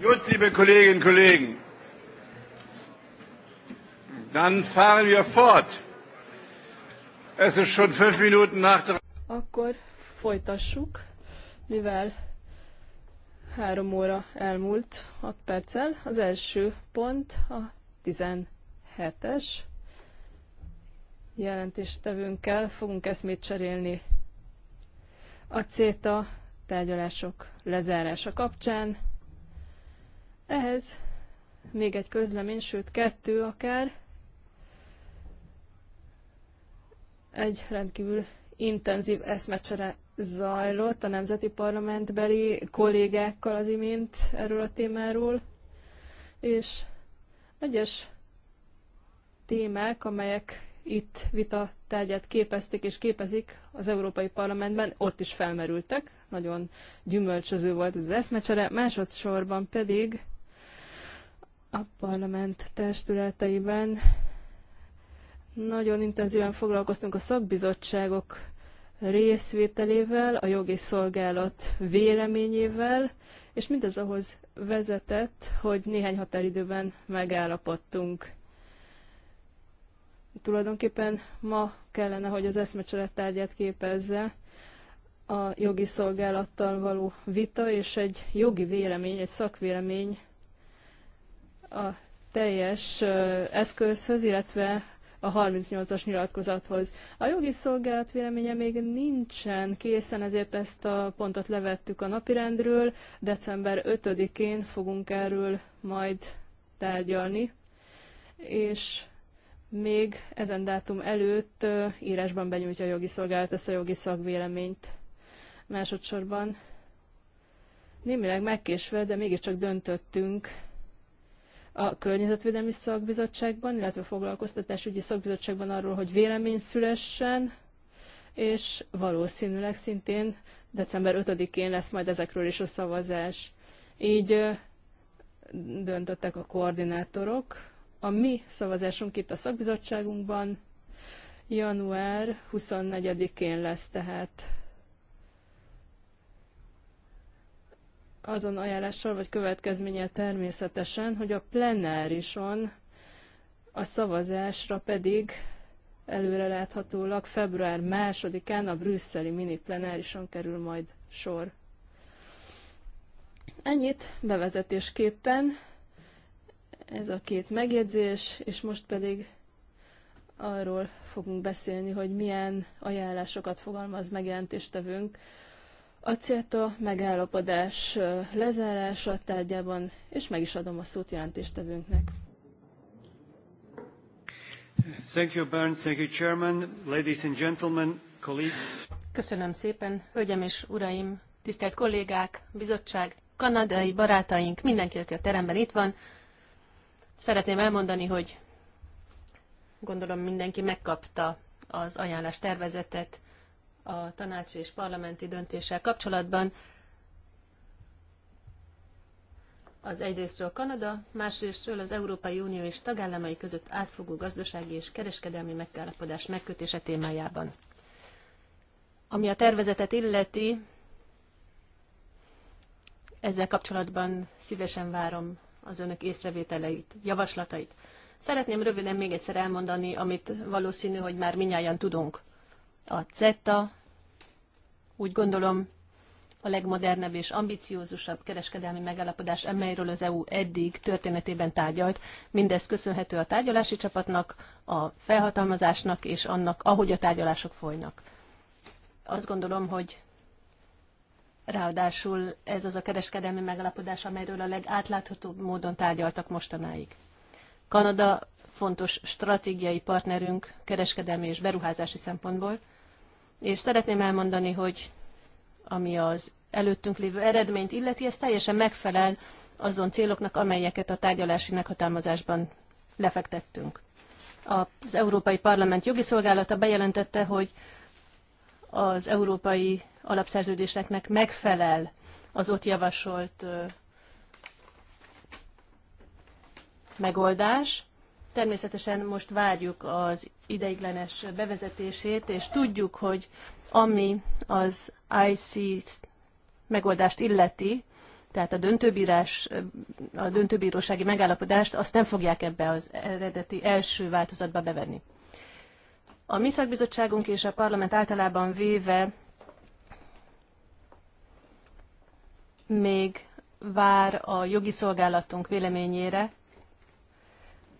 Gut, liebe Kolleginnen und Kollegen, dann fahren wir fort. Es ist schon fünf Minuten nach der... Akkor folytassuk, mivel három óra elmúlt 6 perccel. Az első pont a 17-es jelentéstevőnkkel fogunk eszmét cserélni a CETA tárgyalások lezárása kapcsán. Ehhez még egy közlemény, sőt kettő akár, egy rendkívül intenzív eszmecsere zajlott a nemzeti parlamentbeli kollégákkal az imént erről a témáról, és egyes témák, amelyek itt vita tárgyát képezték és képezik az Európai Parlamentben, ott is felmerültek. Nagyon gyümölcsöző volt az eszmecsere. Másodszorban pedig a parlament testületeiben nagyon intenzíven foglalkoztunk a szakbizottságok részvételével, a jogi szolgálat véleményével, és mindez ahhoz vezetett, hogy néhány határidőben megállapodtunk. Tulajdonképpen ma kellene, hogy az eszmecsere tárgyát képezze a jogi szolgálattal való vita, és egy jogi vélemény, egy szakvélemény a teljes eszközhöz, illetve a 38-as nyilatkozathoz. A jogi szolgálat véleménye még nincsen készen, ezért ezt a pontot levettük a napirendről. December 5-én fogunk erről majd tárgyalni, és még ezen dátum előtt írásban benyújtja a jogi szolgálat ezt a jogi szakvéleményt. Másodszorban némileg megkésve, de mégiscsak döntöttünk a Környezetvédelmi Szakbizottságban, illetve a Foglalkoztatásügyi Szakbizottságban arról, hogy vélemény szülessen, és valószínűleg szintén december 5-én lesz majd ezekről is a szavazás. Így döntöttek a koordinátorok. A mi szavazásunk itt a szakbizottságunkban január 24-én lesz tehát azon ajánlással vagy következménye természetesen, hogy a plenárison a szavazásra pedig előreláthatólag február másodikán a brüsszeli mini plenárison kerül majd sor. Ennyit bevezetésképpen ez a két megjegyzés, és most pedig arról fogunk beszélni, hogy milyen ajánlásokat fogalmaz megjelentéstevünk a CETA megállapodás lezárása tárgyában, és meg is adom a szót jelentéstevőnknek. Thank you, Bern. Thank you, Chairman. Ladies and gentlemen, colleagues. Köszönöm szépen, hölgyem és uraim, tisztelt kollégák, bizottság, kanadai barátaink, mindenki, aki a teremben itt van. Szeretném elmondani, hogy gondolom mindenki megkapta az ajánlás tervezetet, a tanács és parlamenti döntéssel kapcsolatban. Az egyrésztről Kanada, másrésztről az Európai Unió és tagállamai között átfogó gazdasági és kereskedelmi megállapodás megkötése témájában. Ami a tervezetet illeti, ezzel kapcsolatban szívesen várom az önök észrevételeit, javaslatait. Szeretném röviden még egyszer elmondani, amit valószínű, hogy már minnyáján tudunk a CETA, úgy gondolom, a legmodernebb és ambiciózusabb kereskedelmi megállapodás, amelyről az EU eddig történetében tárgyalt. Mindez köszönhető a tárgyalási csapatnak, a felhatalmazásnak és annak, ahogy a tárgyalások folynak. Azt gondolom, hogy ráadásul ez az a kereskedelmi megállapodás, amelyről a legátláthatóbb módon tárgyaltak mostanáig. Kanada fontos stratégiai partnerünk kereskedelmi és beruházási szempontból, és szeretném elmondani, hogy ami az előttünk lévő eredményt illeti, ez teljesen megfelel azon céloknak, amelyeket a tárgyalási meghatalmazásban lefektettünk. Az Európai Parlament jogi szolgálata bejelentette, hogy az európai alapszerződéseknek megfelel az ott javasolt megoldás. Természetesen most várjuk az ideiglenes bevezetését, és tudjuk, hogy ami az IC megoldást illeti, tehát a döntőbírás, a döntőbírósági megállapodást, azt nem fogják ebbe az eredeti első változatba bevenni. A mi szakbizottságunk és a parlament általában véve még vár a jogi szolgálatunk véleményére,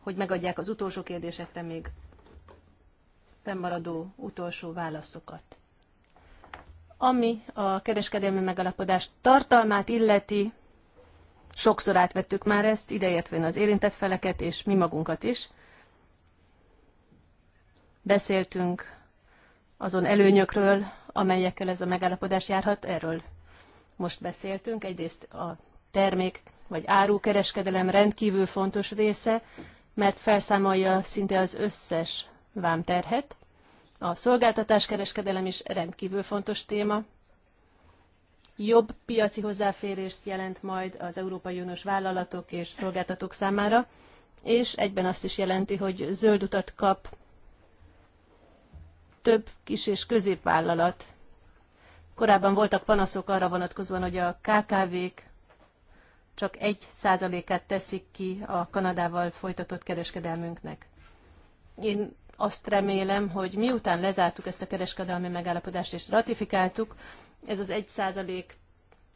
hogy megadják az utolsó kérdésekre még fennmaradó utolsó válaszokat. Ami a kereskedelmi megalapodás tartalmát illeti, sokszor átvettük már ezt, ideértve az érintett feleket és mi magunkat is. Beszéltünk azon előnyökről, amelyekkel ez a megállapodás járhat, erről most beszéltünk. Egyrészt a termék vagy árukereskedelem rendkívül fontos része, mert felszámolja szinte az összes vámterhet. A szolgáltatáskereskedelem is rendkívül fontos téma. Jobb piaci hozzáférést jelent majd az Európai Uniós vállalatok és szolgáltatók számára, és egyben azt is jelenti, hogy zöld utat kap több kis és középvállalat. Korábban voltak panaszok arra vonatkozóan, hogy a KKV-k csak egy százalékát teszik ki a Kanadával folytatott kereskedelmünknek. Én azt remélem, hogy miután lezártuk ezt a kereskedelmi megállapodást és ratifikáltuk, ez az egy százalék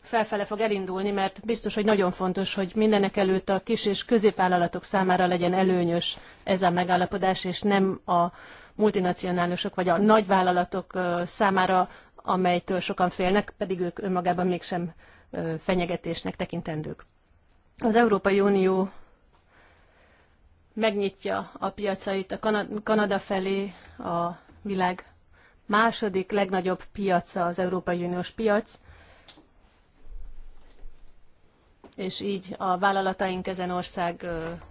felfele fog elindulni, mert biztos, hogy nagyon fontos, hogy mindenek előtt a kis és középvállalatok számára legyen előnyös ez a megállapodás, és nem a multinacionálisok vagy a nagyvállalatok számára, amelytől sokan félnek, pedig ők önmagában mégsem fenyegetésnek tekintendők. Az Európai Unió megnyitja a piacait a Kanada, Kanada felé, a világ második legnagyobb piaca az Európai Uniós piac, és így a vállalataink ezen ország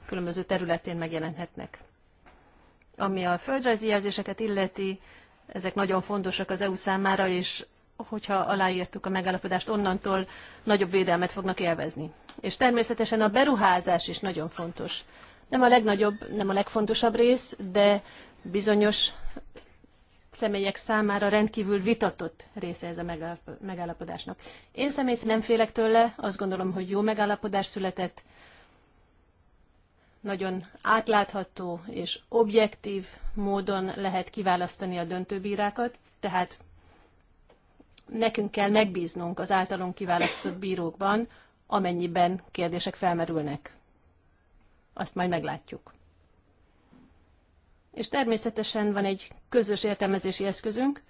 különböző területén megjelenhetnek. Ami a földrajzi jelzéseket illeti, ezek nagyon fontosak az EU számára, és hogyha aláírtuk a megállapodást, onnantól nagyobb védelmet fognak élvezni. És természetesen a beruházás is nagyon fontos. Nem a legnagyobb, nem a legfontosabb rész, de bizonyos személyek számára rendkívül vitatott része ez a megállapodásnak. Én személy nem félek tőle, azt gondolom, hogy jó megállapodás született, nagyon átlátható és objektív módon lehet kiválasztani a döntőbírákat, tehát nekünk kell megbíznunk az általunk kiválasztott bírókban, amennyiben kérdések felmerülnek azt majd meglátjuk. És természetesen van egy közös értelmezési eszközünk,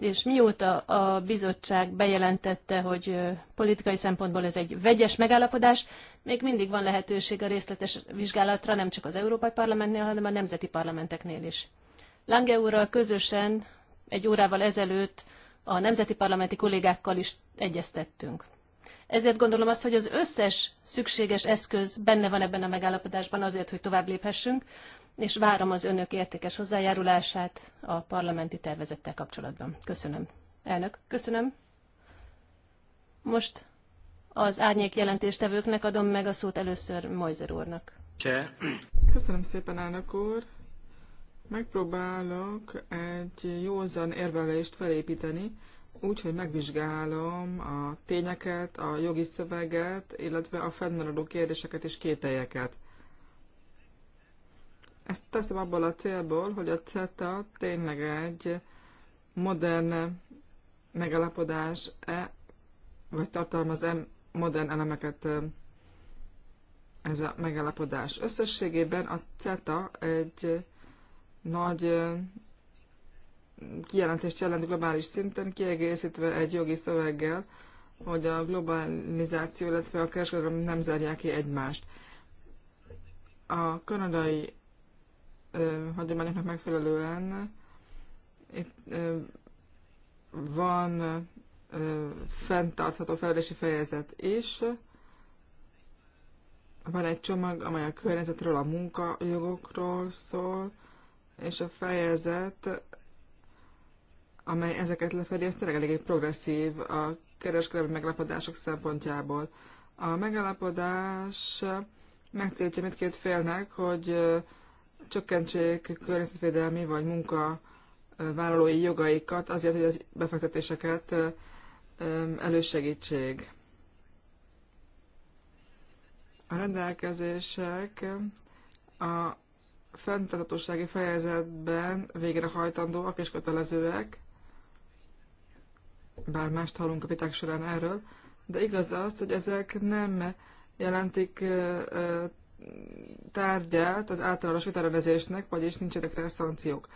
és mióta a bizottság bejelentette, hogy politikai szempontból ez egy vegyes megállapodás, még mindig van lehetőség a részletes vizsgálatra, nem csak az Európai Parlamentnél, hanem a nemzeti parlamenteknél is. Lange úrral közösen egy órával ezelőtt a nemzeti parlamenti kollégákkal is egyeztettünk. Ezért gondolom azt, hogy az összes szükséges eszköz benne van ebben a megállapodásban azért, hogy tovább léphessünk, és várom az önök értékes hozzájárulását a parlamenti tervezettel kapcsolatban. Köszönöm. Elnök, köszönöm. Most az árnyék jelentéstevőknek adom meg a szót először Mojzer úrnak. Cseh. Köszönöm szépen, elnök úr. Megpróbálok egy józan érvelést felépíteni úgy, hogy megvizsgálom a tényeket, a jogi szöveget, illetve a fennmaradó kérdéseket és kételyeket. Ezt teszem abból a célból, hogy a CETA tényleg egy modern megalapodás-e, vagy tartalmaz-e modern elemeket ez a megalapodás Összességében a CETA egy nagy kijelentést jelent globális szinten, kiegészítve egy jogi szöveggel, hogy a globalizáció, illetve a kereskedelem nem zárják ki egymást. A kanadai ö, hagyományoknak megfelelően itt ö, van ö, fenntartható fejlődési fejezet is. Van egy csomag, amely a környezetről, a munkajogokról szól, és a fejezet amely ezeket lefedi, ez tényleg egy progresszív a kereskedelmi megállapodások szempontjából. A megállapodás megtiltja mindkét félnek, hogy csökkentsék környezetvédelmi vagy munkavállalói jogaikat azért, hogy az befektetéseket elősegítsék. A rendelkezések a fenntartatósági fejezetben végrehajtandóak és kötelezőek, bár mást hallunk a viták során erről, de igaz az, hogy ezek nem jelentik tárgyát az általános vitarendezésnek, vagyis nincsenek rá szankciók.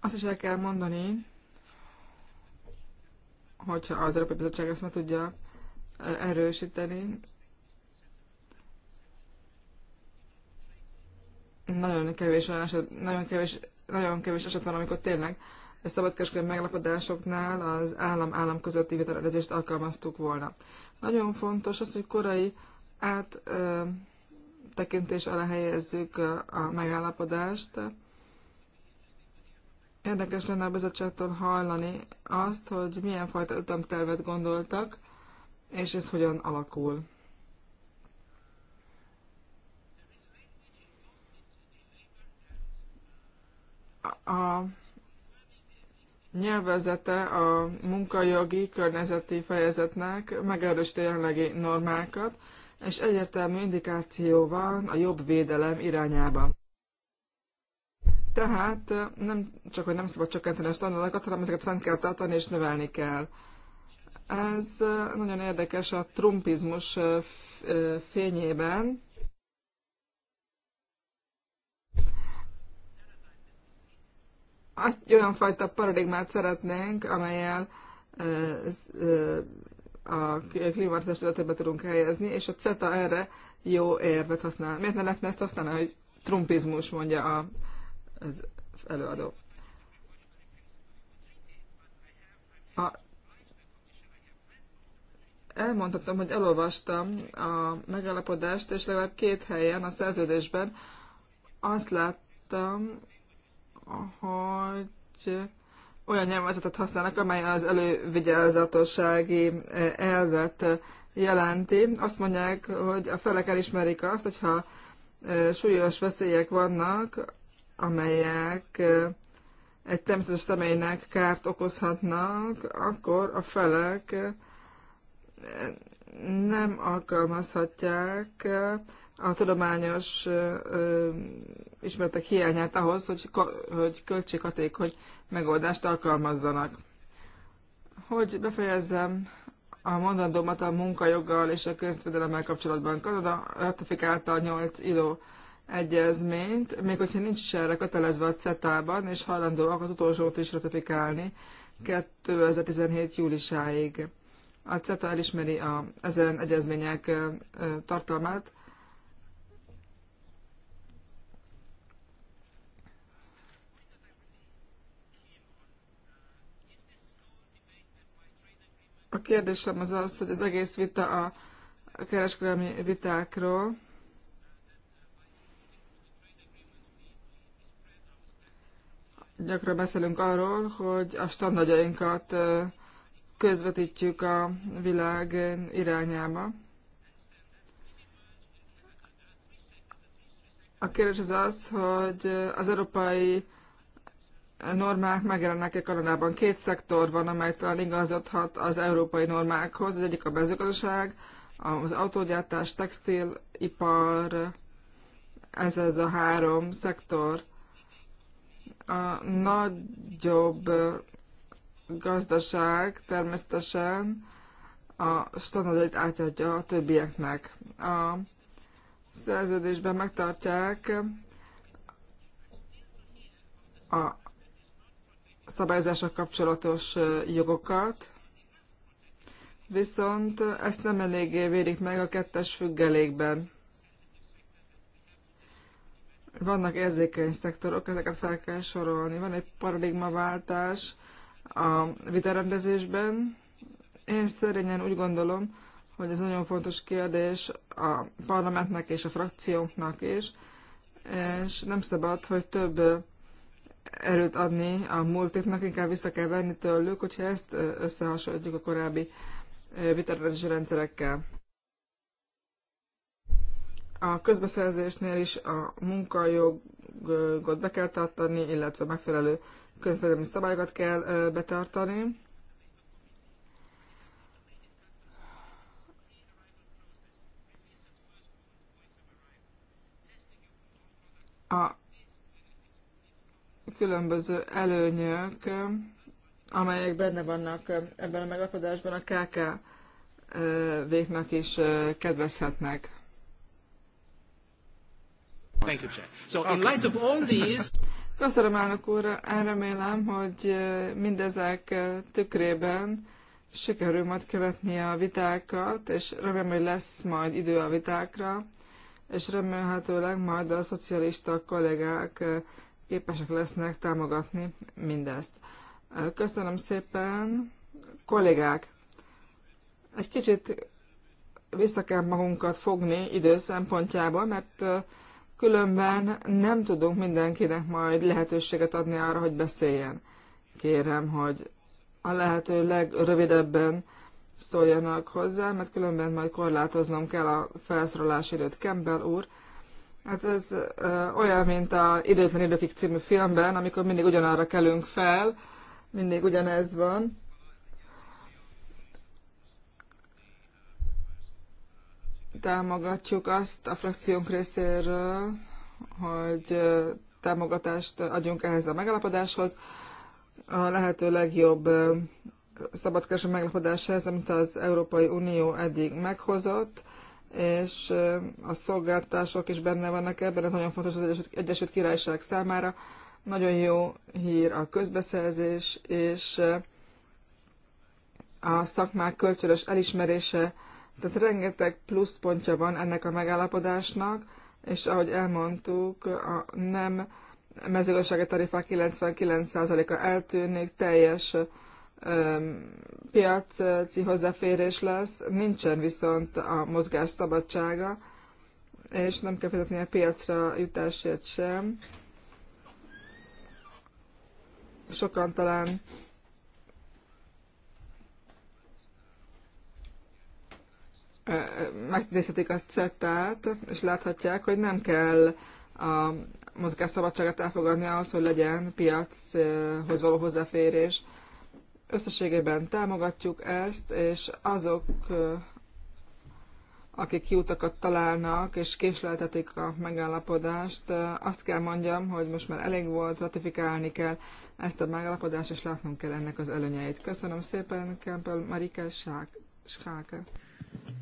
Azt is el kell mondani, hogyha az Európai Bizottság ezt meg tudja erősíteni, nagyon kevés olyan eset, nagyon kevés, nagyon kevés eset van, amikor tényleg a szabadkereskedelmi megállapodásoknál az állam-állam közötti vitelezést alkalmaztuk volna. Nagyon fontos az, hogy korai áttekintés alá helyezzük a megállapodást. Érdekes lenne a bizottságtól hallani azt, hogy milyen fajta ütemtervet gondoltak, és ez hogyan alakul. A, a nyelvezete a munkajogi környezeti fejezetnek megerősíti jelenlegi normákat, és egyértelmű indikáció van a jobb védelem irányába. Tehát nem csak, hogy nem szabad csökkenteni a standardokat, hanem ezeket fent kell tartani és növelni kell. Ez nagyon érdekes a trumpizmus fényében, Azt olyan fajta paradigmát szeretnénk, amelyel a klímaváltozás területébe tudunk helyezni, és a CETA erre jó érvet használ. Miért ne lehetne ezt használni, hogy trumpizmus mondja a, az előadó? A, elmondhatom, hogy elolvastam a megállapodást, és legalább két helyen a szerződésben azt láttam, hogy olyan nyelvezetet használnak, amely az elővigyázatossági eh, elvet eh, jelenti. Azt mondják, hogy a felek elismerik azt, hogyha eh, súlyos veszélyek vannak, amelyek egy természetes személynek kárt okozhatnak, akkor a felek nem alkalmazhatják a tudományos ismeretek hiányát ahhoz, hogy, hogy költséghatékony megoldást alkalmazzanak. Hogy befejezzem a mondandómat a munkajoggal és a közvédelemmel kapcsolatban. Kanada ratifikálta a 8 ILO egyezményt, még hogyha nincs is erre kötelezve a CETA-ban, és hajlandóak az utolsót is ratifikálni 2017. júliusáig. A CETA elismeri a, ezen egyezmények tartalmát, A kérdésem az az, hogy az egész vita a kereskedelmi vitákról, gyakran beszélünk arról, hogy a standardjainkat közvetítjük a világ irányába. A kérdés az az, hogy az európai normák megjelennek egy koronában. Két szektor van, amely talán igazodhat az európai normákhoz. Az egyik a mezőgazdaság, az autógyártás, textilipar, ez ez a három szektor. A nagyobb gazdaság természetesen a standardjait átadja a többieknek. A szerződésben megtartják a szabályozással kapcsolatos jogokat, viszont ezt nem eléggé védik meg a kettes függelékben. Vannak érzékeny szektorok, ezeket fel kell sorolni. Van egy paradigmaváltás a vitarendezésben. Én szerényen úgy gondolom, hogy ez nagyon fontos kérdés a parlamentnek és a frakcióknak is, és nem szabad, hogy több erőt adni a multiknak, inkább vissza kell venni tőlük, hogyha ezt összehasonlítjuk a korábbi vitarendezési rendszerekkel. A közbeszerzésnél is a munkajogot be kell tartani, illetve megfelelő közvélemény szabályokat kell betartani. A különböző előnyök, amelyek benne vannak ebben a meglapodásban, a KKV-knak is kedvezhetnek. So in light of all these... Köszönöm, elnök úr, remélem, hogy mindezek tükrében sikerül majd követni a vitákat, és remélem, hogy lesz majd idő a vitákra, és remélhetőleg majd a szocialista kollégák képesek lesznek támogatni mindezt. Köszönöm szépen. Kollégák, egy kicsit vissza kell magunkat fogni idő szempontjából, mert különben nem tudunk mindenkinek majd lehetőséget adni arra, hogy beszéljen. Kérem, hogy a lehető legrövidebben szóljanak hozzá, mert különben majd korlátoznom kell a felszólalás időt. kembel úr, Hát ez ö, olyan, mint a Időtlen Időkig című filmben, amikor mindig ugyanarra kelünk fel, mindig ugyanez van. Támogatjuk azt a frakciónk részéről, hogy támogatást adjunk ehhez a megalapodáshoz. A lehető legjobb szabadkereső megalapodás ez, amit az Európai Unió eddig meghozott és a szolgáltatások is benne vannak ebben, ez nagyon fontos az Egyesült Királyság számára. Nagyon jó hír a közbeszerzés, és a szakmák kölcsönös elismerése, tehát rengeteg pluszpontja van ennek a megállapodásnak, és ahogy elmondtuk, a nem mezőgazdasági tarifák 99%-a eltűnik, teljes piaci hozzáférés lesz, nincsen viszont a mozgás szabadsága, és nem kell fizetni a piacra jutásért sem. Sokan talán megnézhetik a cettát, és láthatják, hogy nem kell a mozgásszabadságát elfogadni ahhoz, hogy legyen piachoz való hozzáférés Összességében támogatjuk ezt, és azok, akik kiutakat találnak és késleltetik a megállapodást, azt kell mondjam, hogy most már elég volt, ratifikálni kell ezt a megállapodást, és látnunk kell ennek az előnyeit. Köszönöm szépen, kempel Marike Schalke.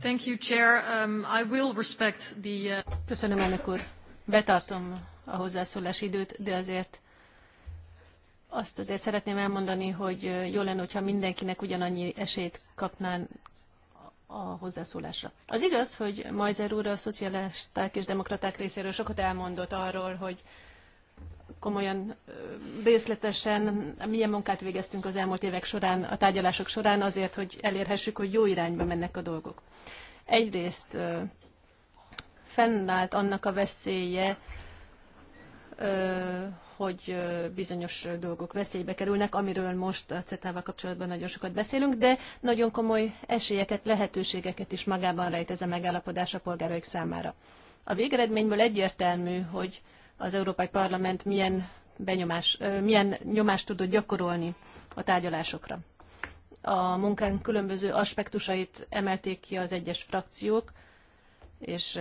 Thank you, Chair. Um, I will respect the... Uh, Köszönöm, elnök úr. Betartom a hozzászólás időt, de azért azt azért szeretném elmondani, hogy jó lenne, hogyha mindenkinek ugyanannyi esélyt kapnán a hozzászólásra. Az igaz, hogy Majzer úr a szocialisták és demokraták részéről sokat elmondott arról, hogy komolyan részletesen milyen munkát végeztünk az elmúlt évek során, a tárgyalások során azért, hogy elérhessük, hogy jó irányba mennek a dolgok. Egyrészt fennállt annak a veszélye, hogy bizonyos dolgok veszélybe kerülnek, amiről most a CETA-val kapcsolatban nagyon sokat beszélünk, de nagyon komoly esélyeket, lehetőségeket is magában rejt ez a megállapodás a polgáraik számára. A végeredményből egyértelmű, hogy az Európai Parlament milyen, benyomás, milyen nyomást tudott gyakorolni a tárgyalásokra. A munkánk különböző aspektusait emelték ki az egyes frakciók, és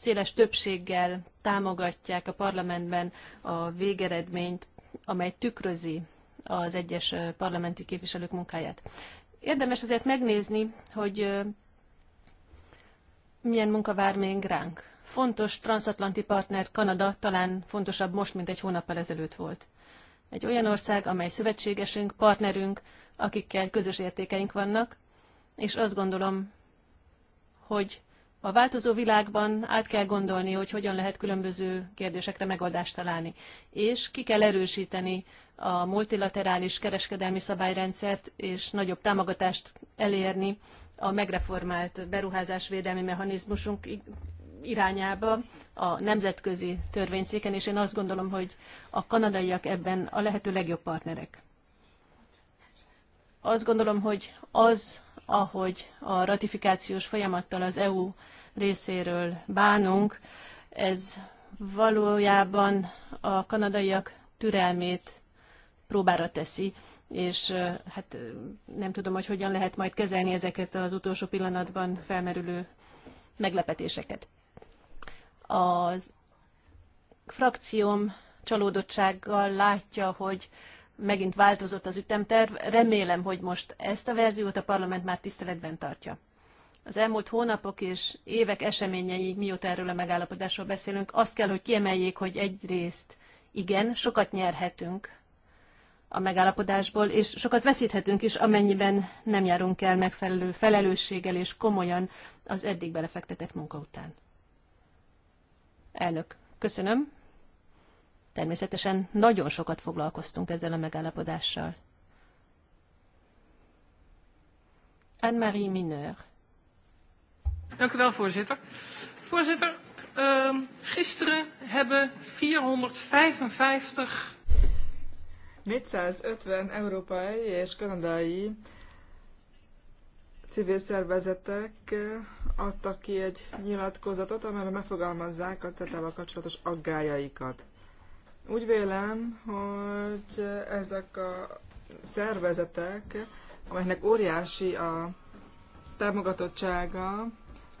széles többséggel támogatják a parlamentben a végeredményt, amely tükrözi az egyes parlamenti képviselők munkáját. Érdemes azért megnézni, hogy milyen munka vár még ránk. Fontos transatlanti partner Kanada talán fontosabb most, mint egy hónappal ezelőtt volt. Egy olyan ország, amely szövetségesünk, partnerünk, akikkel közös értékeink vannak, és azt gondolom, hogy a változó világban át kell gondolni, hogy hogyan lehet különböző kérdésekre megoldást találni, és ki kell erősíteni a multilaterális kereskedelmi szabályrendszert, és nagyobb támogatást elérni a megreformált beruházásvédelmi mechanizmusunk irányába a nemzetközi törvényszéken, és én azt gondolom, hogy a kanadaiak ebben a lehető legjobb partnerek. Azt gondolom, hogy az ahogy a ratifikációs folyamattal az EU részéről bánunk, ez valójában a kanadaiak türelmét próbára teszi, és hát nem tudom, hogy hogyan lehet majd kezelni ezeket az utolsó pillanatban felmerülő meglepetéseket. Az frakcióm csalódottsággal látja, hogy megint változott az ütemterv. Remélem, hogy most ezt a verziót a parlament már tiszteletben tartja. Az elmúlt hónapok és évek eseményei, mióta erről a megállapodásról beszélünk, azt kell, hogy kiemeljék, hogy egyrészt igen, sokat nyerhetünk a megállapodásból, és sokat veszíthetünk is, amennyiben nem járunk el megfelelő felelősséggel és komolyan az eddig belefektetett munka után. Elnök, köszönöm. Természetesen nagyon sokat foglalkoztunk ezzel a megállapodással. Anne-Marie Mineur. Dank u wel, voorzitter. Voorzitter, uh, gisteren hebben 455... 450 európai és kanadai civil szervezetek eh, adtak ki egy nyilatkozatot, amelyben megfogalmazzák a CETA-val kapcsolatos aggájaikat. Úgy vélem, hogy ezek a szervezetek, amelynek óriási a támogatottsága,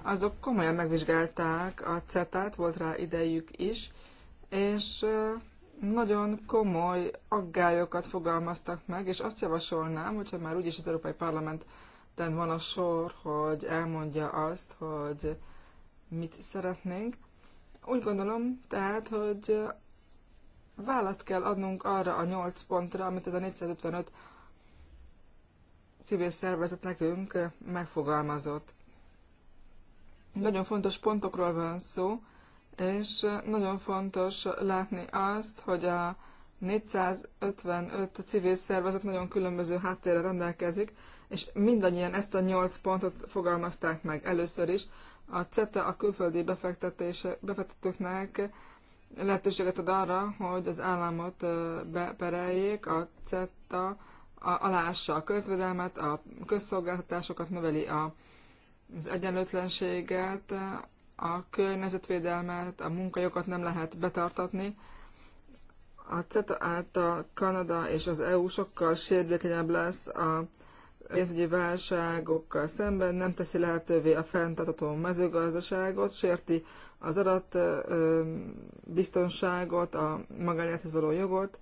azok komolyan megvizsgálták a CETA-t, volt rá idejük is, és nagyon komoly aggályokat fogalmaztak meg, és azt javasolnám, hogyha már úgyis az Európai Parlamenten van a sor, hogy elmondja azt, hogy mit szeretnénk. Úgy gondolom tehát, hogy választ kell adnunk arra a 8 pontra, amit ez a 455 civil szervezet nekünk megfogalmazott. Nagyon fontos pontokról van szó, és nagyon fontos látni azt, hogy a 455 civil szervezet nagyon különböző háttérre rendelkezik, és mindannyian ezt a 8 pontot fogalmazták meg először is. A CETA a külföldi befektetése befektetőknek lehetőséget ad arra, hogy az államot bepereljék, a CETA alássa a közvedelmet, a közszolgáltatásokat növeli a, az egyenlőtlenséget, a környezetvédelmet, a munkajokat nem lehet betartatni. A CETA által Kanada és az EU sokkal sérülékenyebb lesz a pénzügyi válságokkal szemben, nem teszi lehetővé a fenntartató mezőgazdaságot, sérti az adat biztonságot, a magánélethez való jogot,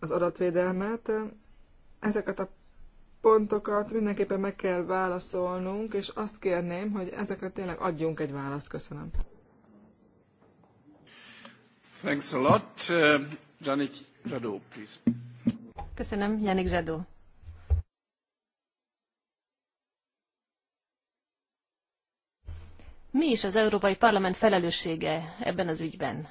az adatvédelmet. Ezeket a pontokat mindenképpen meg kell válaszolnunk, és azt kérném, hogy ezekre tényleg adjunk egy választ. Köszönöm. Thanks a lot. Uh, Janik Zsadó, please. Köszönöm, Janik Zsadó. Mi is az Európai Parlament felelőssége ebben az ügyben?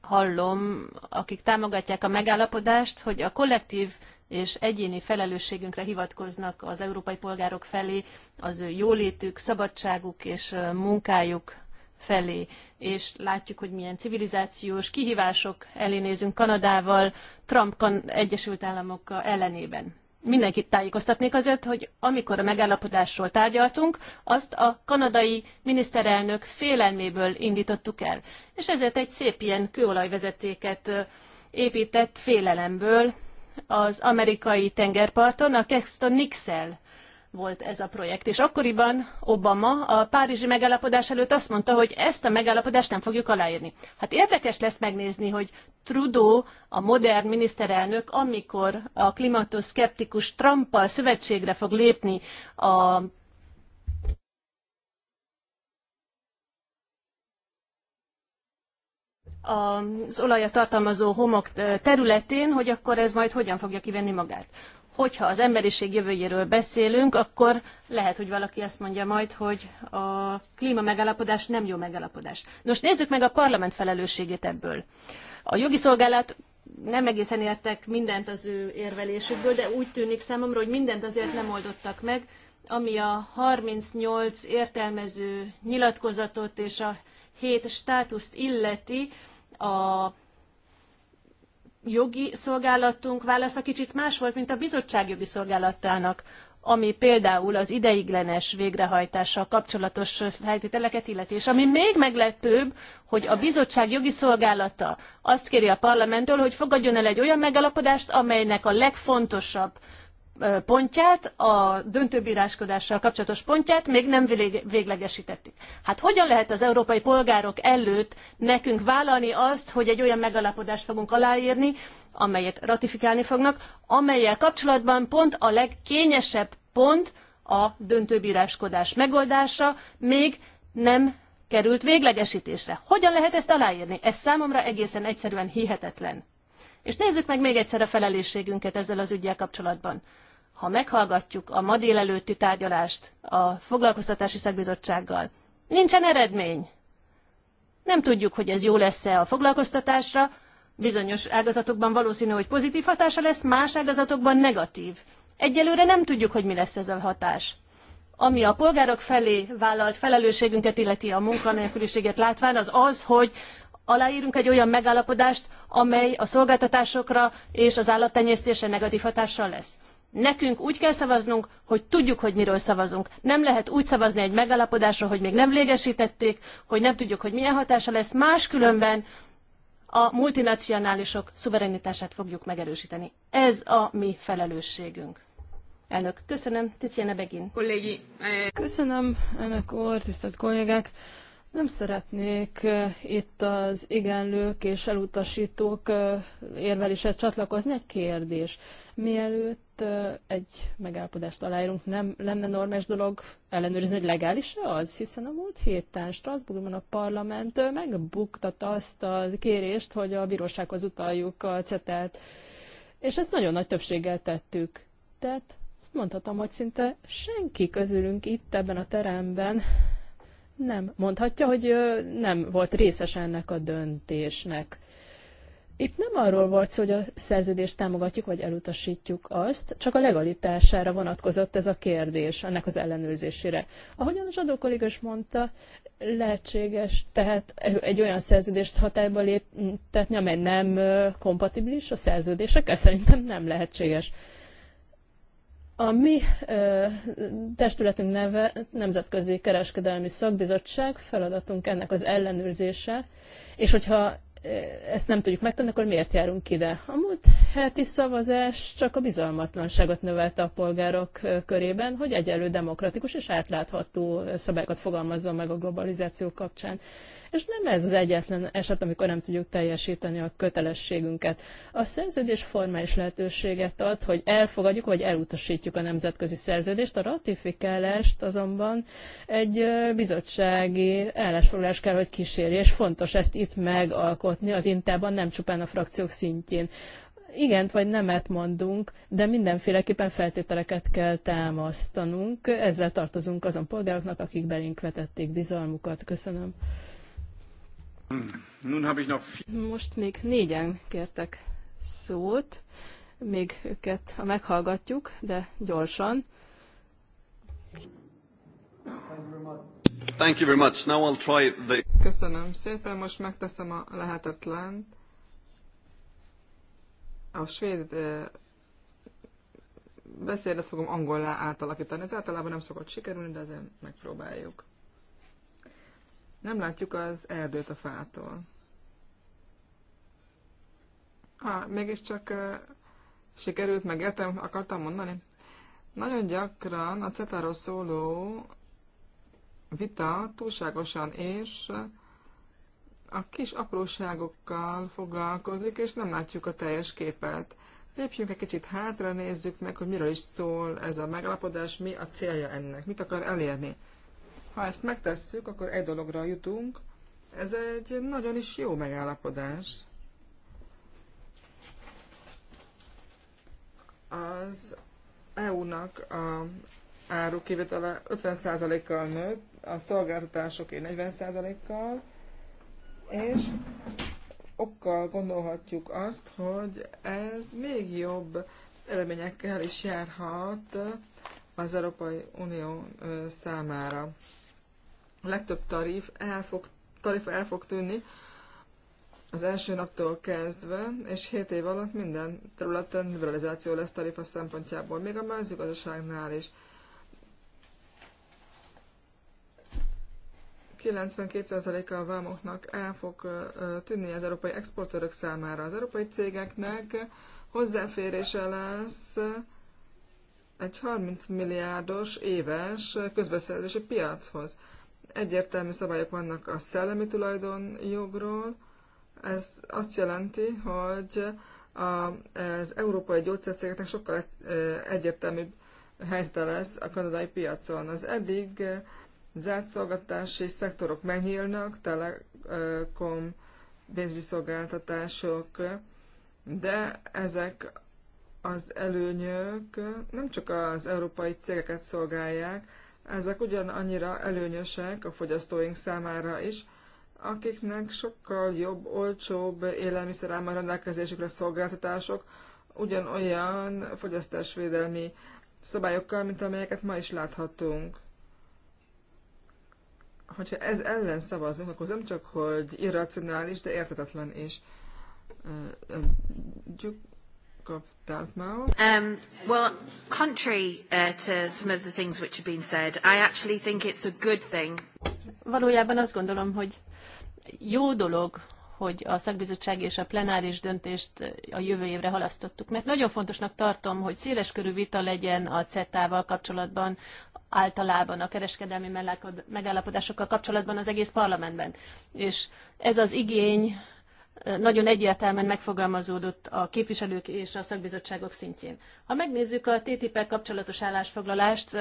Hallom, akik támogatják a megállapodást, hogy a kollektív és egyéni felelősségünkre hivatkoznak az európai polgárok felé, az ő jólétük, szabadságuk és munkájuk felé. És látjuk, hogy milyen civilizációs kihívások elé nézünk Kanadával, Trump Egyesült Államok ellenében mindenkit tájékoztatnék azért, hogy amikor a megállapodásról tárgyaltunk, azt a kanadai miniszterelnök félelméből indítottuk el. És ezért egy szép ilyen kőolajvezetéket épített félelemből az amerikai tengerparton, a Kexton Nixel volt ez a projekt. És akkoriban Obama a párizsi megállapodás előtt azt mondta, hogy ezt a megállapodást nem fogjuk aláírni. Hát érdekes lesz megnézni, hogy Trudeau, a modern miniszterelnök, amikor a klimatoszkeptikus Trumpal szövetségre fog lépni a az olajat tartalmazó homok területén, hogy akkor ez majd hogyan fogja kivenni magát hogyha az emberiség jövőjéről beszélünk, akkor lehet, hogy valaki azt mondja majd, hogy a klíma megállapodás nem jó megállapodás. Nos, nézzük meg a parlament felelősségét ebből. A jogi szolgálat nem egészen értek mindent az ő érvelésükből, de úgy tűnik számomra, hogy mindent azért nem oldottak meg, ami a 38 értelmező nyilatkozatot és a 7 státuszt illeti a jogi szolgálatunk válasza kicsit más volt, mint a bizottság jogi szolgálatának, ami például az ideiglenes végrehajtással kapcsolatos feltételeket illeti. És ami még meglepőbb, hogy a bizottság jogi szolgálata azt kéri a parlamenttől, hogy fogadjon el egy olyan megállapodást, amelynek a legfontosabb pontját, a döntőbíráskodással kapcsolatos pontját még nem véglegesítették. Hát hogyan lehet az európai polgárok előtt nekünk vállalni azt, hogy egy olyan megalapodást fogunk aláírni, amelyet ratifikálni fognak, amelyel kapcsolatban pont a legkényesebb pont a döntőbíráskodás megoldása még nem került véglegesítésre. Hogyan lehet ezt aláírni? Ez számomra egészen egyszerűen hihetetlen. És nézzük meg még egyszer a felelősségünket ezzel az ügyel kapcsolatban. Ha meghallgatjuk a ma délelőtti tárgyalást a foglalkoztatási szakbizottsággal, nincsen eredmény. Nem tudjuk, hogy ez jó lesz-e a foglalkoztatásra, bizonyos ágazatokban valószínű, hogy pozitív hatása lesz, más ágazatokban negatív. Egyelőre nem tudjuk, hogy mi lesz ez a hatás. Ami a polgárok felé vállalt felelősségünket illeti a munkanélküliséget látván, az az, hogy aláírunk egy olyan megállapodást, amely a szolgáltatásokra és az állattenyésztésre negatív hatással lesz. Nekünk úgy kell szavaznunk, hogy tudjuk, hogy miről szavazunk. Nem lehet úgy szavazni egy megállapodásra, hogy még nem légesítették, hogy nem tudjuk, hogy milyen hatása lesz. Máskülönben a multinacionálisok szuverenitását fogjuk megerősíteni. Ez a mi felelősségünk. Elnök, köszönöm. Tiziana Begin. Kollégi. Eh, köszönöm, elnök úr, tisztelt kollégák. Nem szeretnék itt az igenlők és elutasítók érveléshez csatlakozni. Egy kérdés. Mielőtt egy megállapodást aláírunk, nem lenne normális dolog ellenőrizni, hogy legális -e az? Hiszen a múlt héten Strasbourgban a parlament megbuktatta azt a kérést, hogy a bírósághoz utaljuk a cetelt. És ezt nagyon nagy többséggel tettük. Tehát azt mondhatom, hogy szinte senki közülünk itt ebben a teremben nem mondhatja, hogy nem volt részes ennek a döntésnek. Itt nem arról volt szó, hogy a szerződést támogatjuk vagy elutasítjuk azt, csak a legalitására vonatkozott ez a kérdés, ennek az ellenőrzésére. Ahogyan az adókolléga mondta, lehetséges tehát egy olyan szerződést hatályba léptetni, amely nem kompatibilis a szerződésekkel, szerintem nem lehetséges. A mi ö, testületünk neve Nemzetközi Kereskedelmi Szakbizottság, feladatunk ennek az ellenőrzése, és hogyha ezt nem tudjuk megtenni, akkor miért járunk ide? A múlt heti szavazás csak a bizalmatlanságot növelte a polgárok körében, hogy egyelő demokratikus és átlátható szabályokat fogalmazzon meg a globalizáció kapcsán. És nem ez az egyetlen eset, amikor nem tudjuk teljesíteni a kötelességünket. A szerződés formális lehetőséget ad, hogy elfogadjuk vagy elutasítjuk a nemzetközi szerződést. A ratifikálást azonban egy bizottsági állásfoglalás kell, hogy kísérje, és fontos ezt itt megalkotni az intában, nem csupán a frakciók szintjén igent vagy nemet mondunk, de mindenféleképpen feltételeket kell támasztanunk. Ezzel tartozunk azon polgároknak, akik belénk vetették bizalmukat. Köszönöm. Most még négyen kértek szót, még őket meghallgatjuk, de gyorsan. Thank you very much. Now I'll try the... Köszönöm szépen, most megteszem a lehetetlen. A svéd beszédet fogom angolá átalakítani. Ez általában nem szokott sikerülni, de azért megpróbáljuk. Nem látjuk az erdőt a fától. Ah, mégiscsak uh, sikerült, megértem, akartam mondani. Nagyon gyakran a cetáról szóló vita túlságosan és a kis apróságokkal foglalkozik, és nem látjuk a teljes képet. Lépjünk egy kicsit hátra, nézzük meg, hogy miről is szól ez a megalapodás, mi a célja ennek, mit akar elérni. Ha ezt megtesszük, akkor egy dologra jutunk. Ez egy nagyon is jó megállapodás. Az EU-nak a áru kivétele 50%-kal nőtt, a szolgáltatásoké 40%-kal, és okkal gondolhatjuk azt, hogy ez még jobb eleményekkel is járhat az Európai Unió számára a legtöbb tarif el fog, tarifa el fog tűnni az első naptól kezdve, és 7 év alatt minden területen liberalizáció lesz tarifa szempontjából, még a mezőgazdaságnál is. 92%-a a vámoknak el fog tűnni az európai exportőrök számára. Az európai cégeknek hozzáférése lesz egy 30 milliárdos éves közbeszerzési piachoz. Egyértelmű szabályok vannak a szellemi tulajdonjogról. Ez azt jelenti, hogy a, az európai gyógyszercégeknek sokkal e, egyértelműbb helyzete lesz a kanadai piacon. Az eddig e, zárt szolgáltatási szektorok megnyílnak, telekom, pénzügyi szolgáltatások, de ezek az előnyök nem csak az európai cégeket szolgálják, ezek ugyanannyira előnyösek a fogyasztóink számára is, akiknek sokkal jobb, olcsóbb élelmiszer áll rendelkezésükre szolgáltatások, ugyanolyan fogyasztásvédelmi szabályokkal, mint amelyeket ma is láthatunk. Hogyha ez ellen szavazunk, akkor nem csak, hogy irracionális, de értetetlen is. Um, well, contrary uh, to some of the things which have been said, I actually think it's a good thing. Valójában azt gondolom, hogy jó dolog, hogy a szakbizottság és a plenáris döntést a jövő évre halasztottuk, mert nagyon fontosnak tartom, hogy körű vita legyen a CETA-val kapcsolatban, általában a kereskedelmi megállapodásokkal kapcsolatban az egész parlamentben. És ez az igény nagyon egyértelműen megfogalmazódott a képviselők és a szakbizottságok szintjén. Ha megnézzük a ttip kapcsolatos állásfoglalást,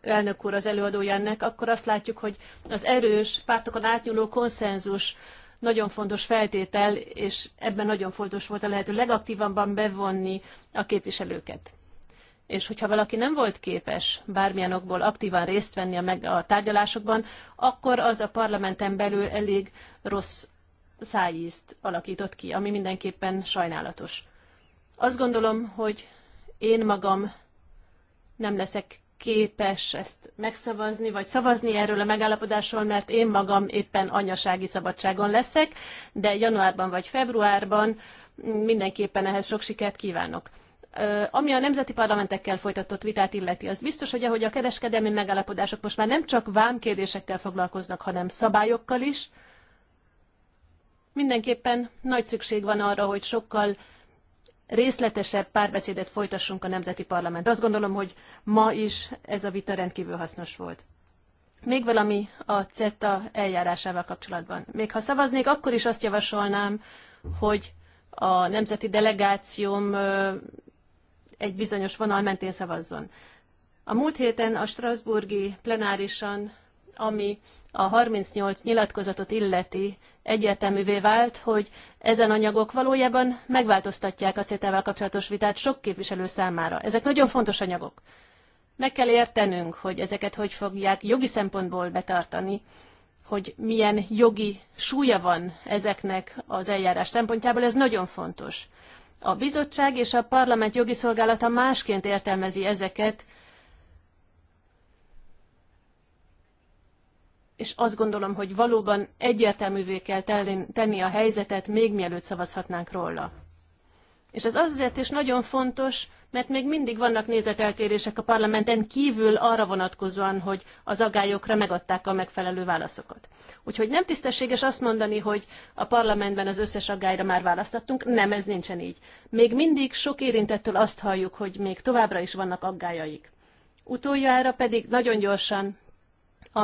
elnök úr az előadója ennek, akkor azt látjuk, hogy az erős, pártokon átnyúló konszenzus nagyon fontos feltétel, és ebben nagyon fontos volt a lehető legaktívabban bevonni a képviselőket. És hogyha valaki nem volt képes bármilyen okból aktívan részt venni a, meg, a tárgyalásokban, akkor az a parlamenten belül elég rossz szájízt alakított ki, ami mindenképpen sajnálatos. Azt gondolom, hogy én magam nem leszek képes ezt megszavazni, vagy szavazni erről a megállapodásról, mert én magam éppen anyasági szabadságon leszek, de januárban vagy februárban mindenképpen ehhez sok sikert kívánok. Ami a nemzeti parlamentekkel folytatott vitát illeti, az biztos, hogy ahogy a kereskedelmi megállapodások most már nem csak vámkérdésekkel foglalkoznak, hanem szabályokkal is, Mindenképpen nagy szükség van arra, hogy sokkal részletesebb párbeszédet folytassunk a Nemzeti Parlament. Azt gondolom, hogy ma is ez a vita rendkívül hasznos volt. Még valami a CETA eljárásával kapcsolatban. Még ha szavaznék, akkor is azt javasolnám, hogy a nemzeti delegációm egy bizonyos vonal mentén szavazzon. A múlt héten a Strasburgi plenárisan, ami a 38 nyilatkozatot illeti, egyértelművé vált, hogy ezen anyagok valójában megváltoztatják a ceta val kapcsolatos vitát sok képviselő számára. Ezek nagyon fontos anyagok. Meg kell értenünk, hogy ezeket hogy fogják jogi szempontból betartani, hogy milyen jogi súlya van ezeknek az eljárás szempontjából, ez nagyon fontos. A bizottság és a parlament jogi szolgálata másként értelmezi ezeket, és azt gondolom, hogy valóban egyértelművé kell tenni a helyzetet, még mielőtt szavazhatnánk róla. És ez azért is nagyon fontos, mert még mindig vannak nézeteltérések a parlamenten kívül arra vonatkozóan, hogy az agályokra megadták a megfelelő válaszokat. Úgyhogy nem tisztességes azt mondani, hogy a parlamentben az összes agályra már választottunk, nem, ez nincsen így. Még mindig sok érintettől azt halljuk, hogy még továbbra is vannak aggájaik. Utoljára pedig nagyon gyorsan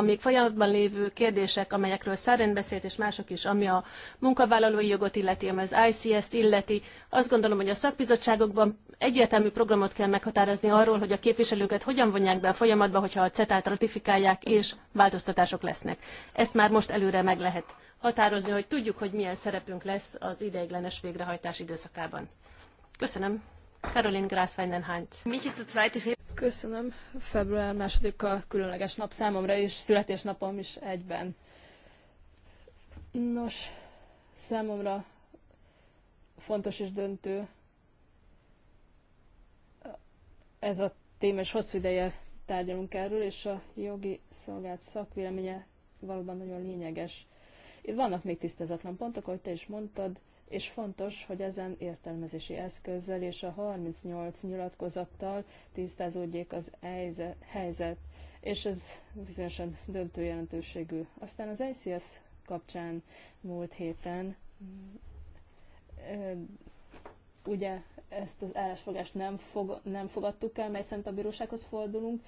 még folyamatban lévő kérdések, amelyekről szeren beszélt, és mások is, ami a munkavállalói jogot illeti, ami az ICS-t illeti, azt gondolom, hogy a szakbizottságokban egyértelmű programot kell meghatározni arról, hogy a képviselőket hogyan vonják be a folyamatba, hogyha a CETA-t ratifikálják, és változtatások lesznek. Ezt már most előre meg lehet határozni, hogy tudjuk, hogy milyen szerepünk lesz az ideiglenes végrehajtás időszakában. Köszönöm. Caroline Grász-Weidenhánc. Köszönöm. Február második a különleges nap számomra, és születésnapom is egyben. Nos, számomra fontos és döntő ez a téma, és hosszú ideje tárgyalunk erről, és a jogi szolgált szakvéleménye valóban nagyon lényeges. Itt vannak még tisztázatlan pontok, ahogy te is mondtad, és fontos, hogy ezen értelmezési eszközzel és a 38 nyilatkozattal tisztázódjék az helyzet, és ez bizonyosan döntő jelentőségű. Aztán az ICS kapcsán múlt héten ugye ezt az állásfogást nem, fog, nem fogadtuk el, mely szent a bírósághoz fordulunk.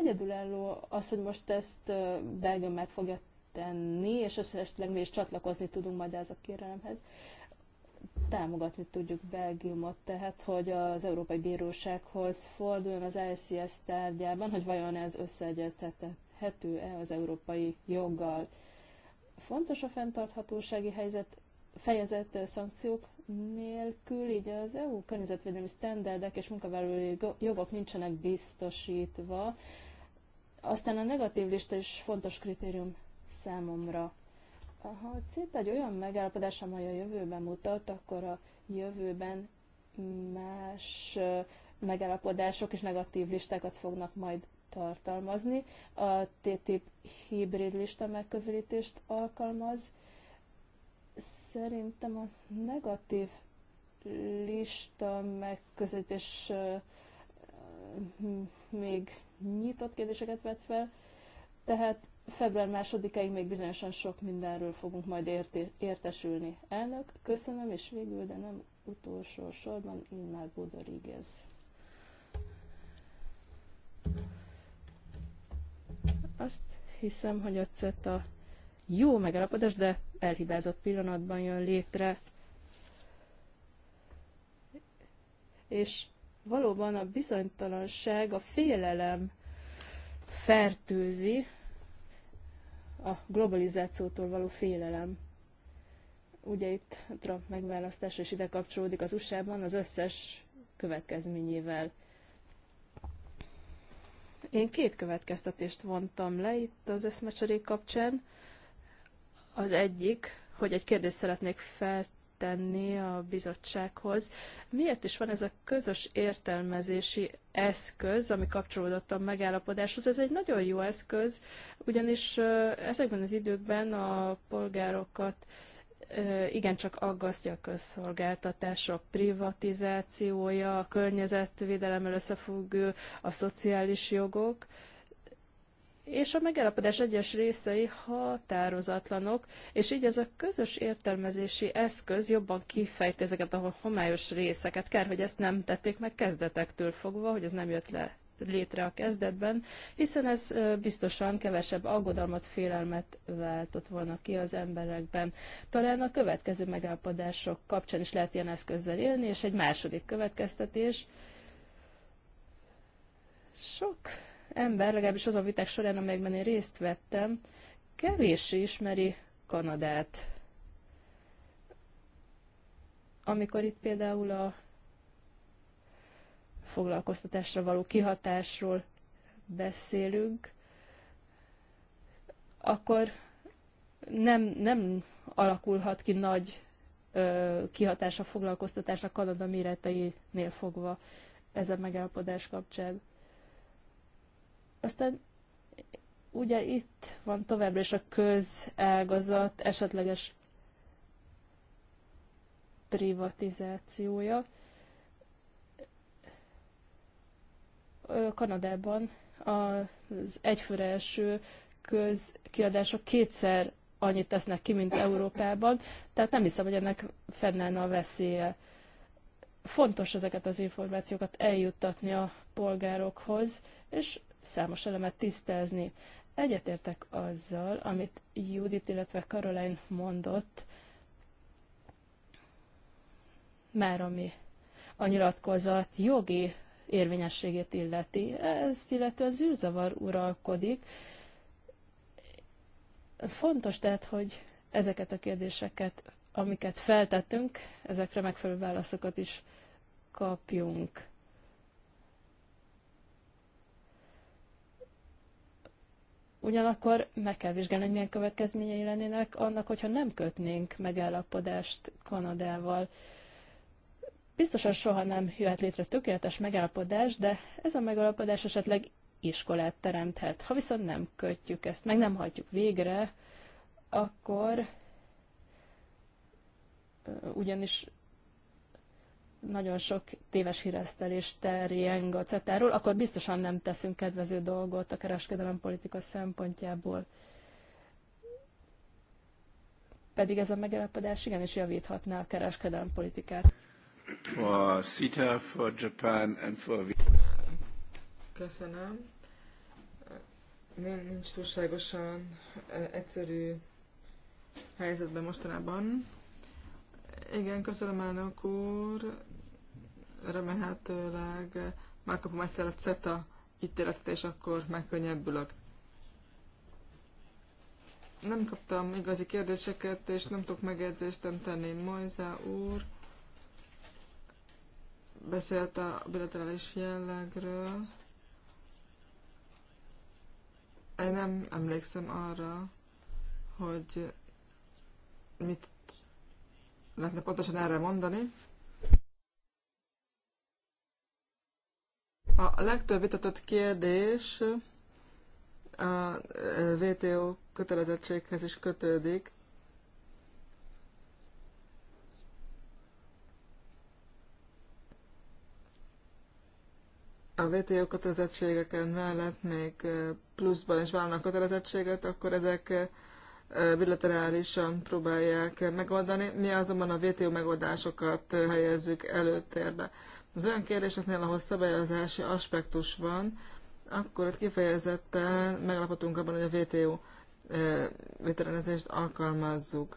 Egyedülálló az, hogy most ezt Belgium meg fogja tenni, és esetleg mi is csatlakozni tudunk majd ez a kérelemhez. Támogatni tudjuk Belgiumot, tehát hogy az Európai Bírósághoz forduljon az ICS tárgyában, hogy vajon ez összeegyeztethető-e az európai joggal. Fontos a fenntarthatósági helyzet fejezett szankciók nélkül, így az EU környezetvédelmi sztenderdek és munkavállalói jogok nincsenek biztosítva. Aztán a negatív lista is fontos kritérium számomra. Ha a CETA egy olyan megállapodás, amely a jövőben mutat, akkor a jövőben más megállapodások és negatív listákat fognak majd tartalmazni. A TTIP hibrid lista megközelítést alkalmaz. Szerintem a negatív lista megközelítés még nyitott kérdéseket vet fel, tehát február másodikáig még bizonyosan sok mindenről fogunk majd érti, értesülni. Elnök, köszönöm, és végül, de nem utolsó sorban, már Budorigez. Azt hiszem, hogy a CETA jó megállapodás, de elhibázott pillanatban jön létre. És valóban a bizonytalanság, a félelem fertőzi a globalizációtól való félelem. Ugye itt Trump megválasztása is ide kapcsolódik az USA-ban az összes következményével. Én két következtetést vontam le itt az eszmecserék kapcsán. Az egyik, hogy egy kérdést szeretnék feltenni, tenni a bizottsághoz. Miért is van ez a közös értelmezési eszköz, ami kapcsolódott a megállapodáshoz? Ez egy nagyon jó eszköz, ugyanis ezekben az időkben a polgárokat igencsak aggasztja a közszolgáltatások privatizációja, a környezetvédelemmel összefüggő, a szociális jogok, és a megállapodás egyes részei határozatlanok, és így ez a közös értelmezési eszköz jobban kifejti ezeket a homályos részeket. Kár, hogy ezt nem tették meg kezdetektől fogva, hogy ez nem jött le létre a kezdetben, hiszen ez biztosan kevesebb aggodalmat, félelmet váltott volna ki az emberekben. Talán a következő megállapodások kapcsán is lehet ilyen eszközzel élni, és egy második következtetés. Sok ember, legalábbis a viták során, amelyekben én részt vettem, kevéssé ismeri Kanadát. Amikor itt például a foglalkoztatásra való kihatásról beszélünk, akkor nem, nem alakulhat ki nagy ö, kihatás a foglalkoztatásnak Kanada méreteinél fogva ez a megállapodás kapcsán. Aztán ugye itt van továbbra is a közágazat esetleges privatizációja. Kanadában az egyfőre első közkiadások kétszer annyit tesznek ki, mint Európában, tehát nem hiszem, hogy ennek fennállna a veszélye. Fontos ezeket az információkat eljuttatni a polgárokhoz, és számos elemet tisztázni. Egyetértek azzal, amit Judit, illetve Caroline mondott, már ami a nyilatkozat jogi érvényességét illeti. Ezt illetően zűrzavar uralkodik. Fontos tehát, hogy ezeket a kérdéseket, amiket feltettünk, ezekre megfelelő válaszokat is kapjunk. Ugyanakkor meg kell vizsgálni, hogy milyen következményei lennének annak, hogyha nem kötnénk megállapodást Kanadával. Biztosan soha nem jöhet létre tökéletes megállapodás, de ez a megállapodás esetleg iskolát teremthet. Ha viszont nem kötjük ezt, meg nem hagyjuk végre, akkor ugyanis nagyon sok téves híresztelés terjeng a CETA-ról, akkor biztosan nem teszünk kedvező dolgot a kereskedelem politika szempontjából. Pedig ez a megállapodás igenis javíthatná a kereskedelem politikát. For CETA, Köszönöm. Nincs túlságosan e, egyszerű helyzetben mostanában. Igen, köszönöm elnök úr remélhetőleg megkapom egyszer a CETA ítéletet, és akkor megkönnyebbülök. Nem kaptam igazi kérdéseket, és nem tudok megjegyzést nem tenni. Mojza úr beszélt a bilaterális jellegről. Én nem emlékszem arra, hogy mit lehetne pontosan erre mondani. A legtöbb vitatott kérdés a WTO kötelezettséghez is kötődik. A WTO kötelezettségeken mellett még pluszban is válnak kötelezettséget, akkor ezek bilaterálisan próbálják megoldani. Mi azonban a WTO megoldásokat helyezzük előtérbe az olyan kérdéseknél, ahol szabályozási aspektus van, akkor ott kifejezetten meglapotunk abban, hogy a VTO eh, vételenezést alkalmazzuk.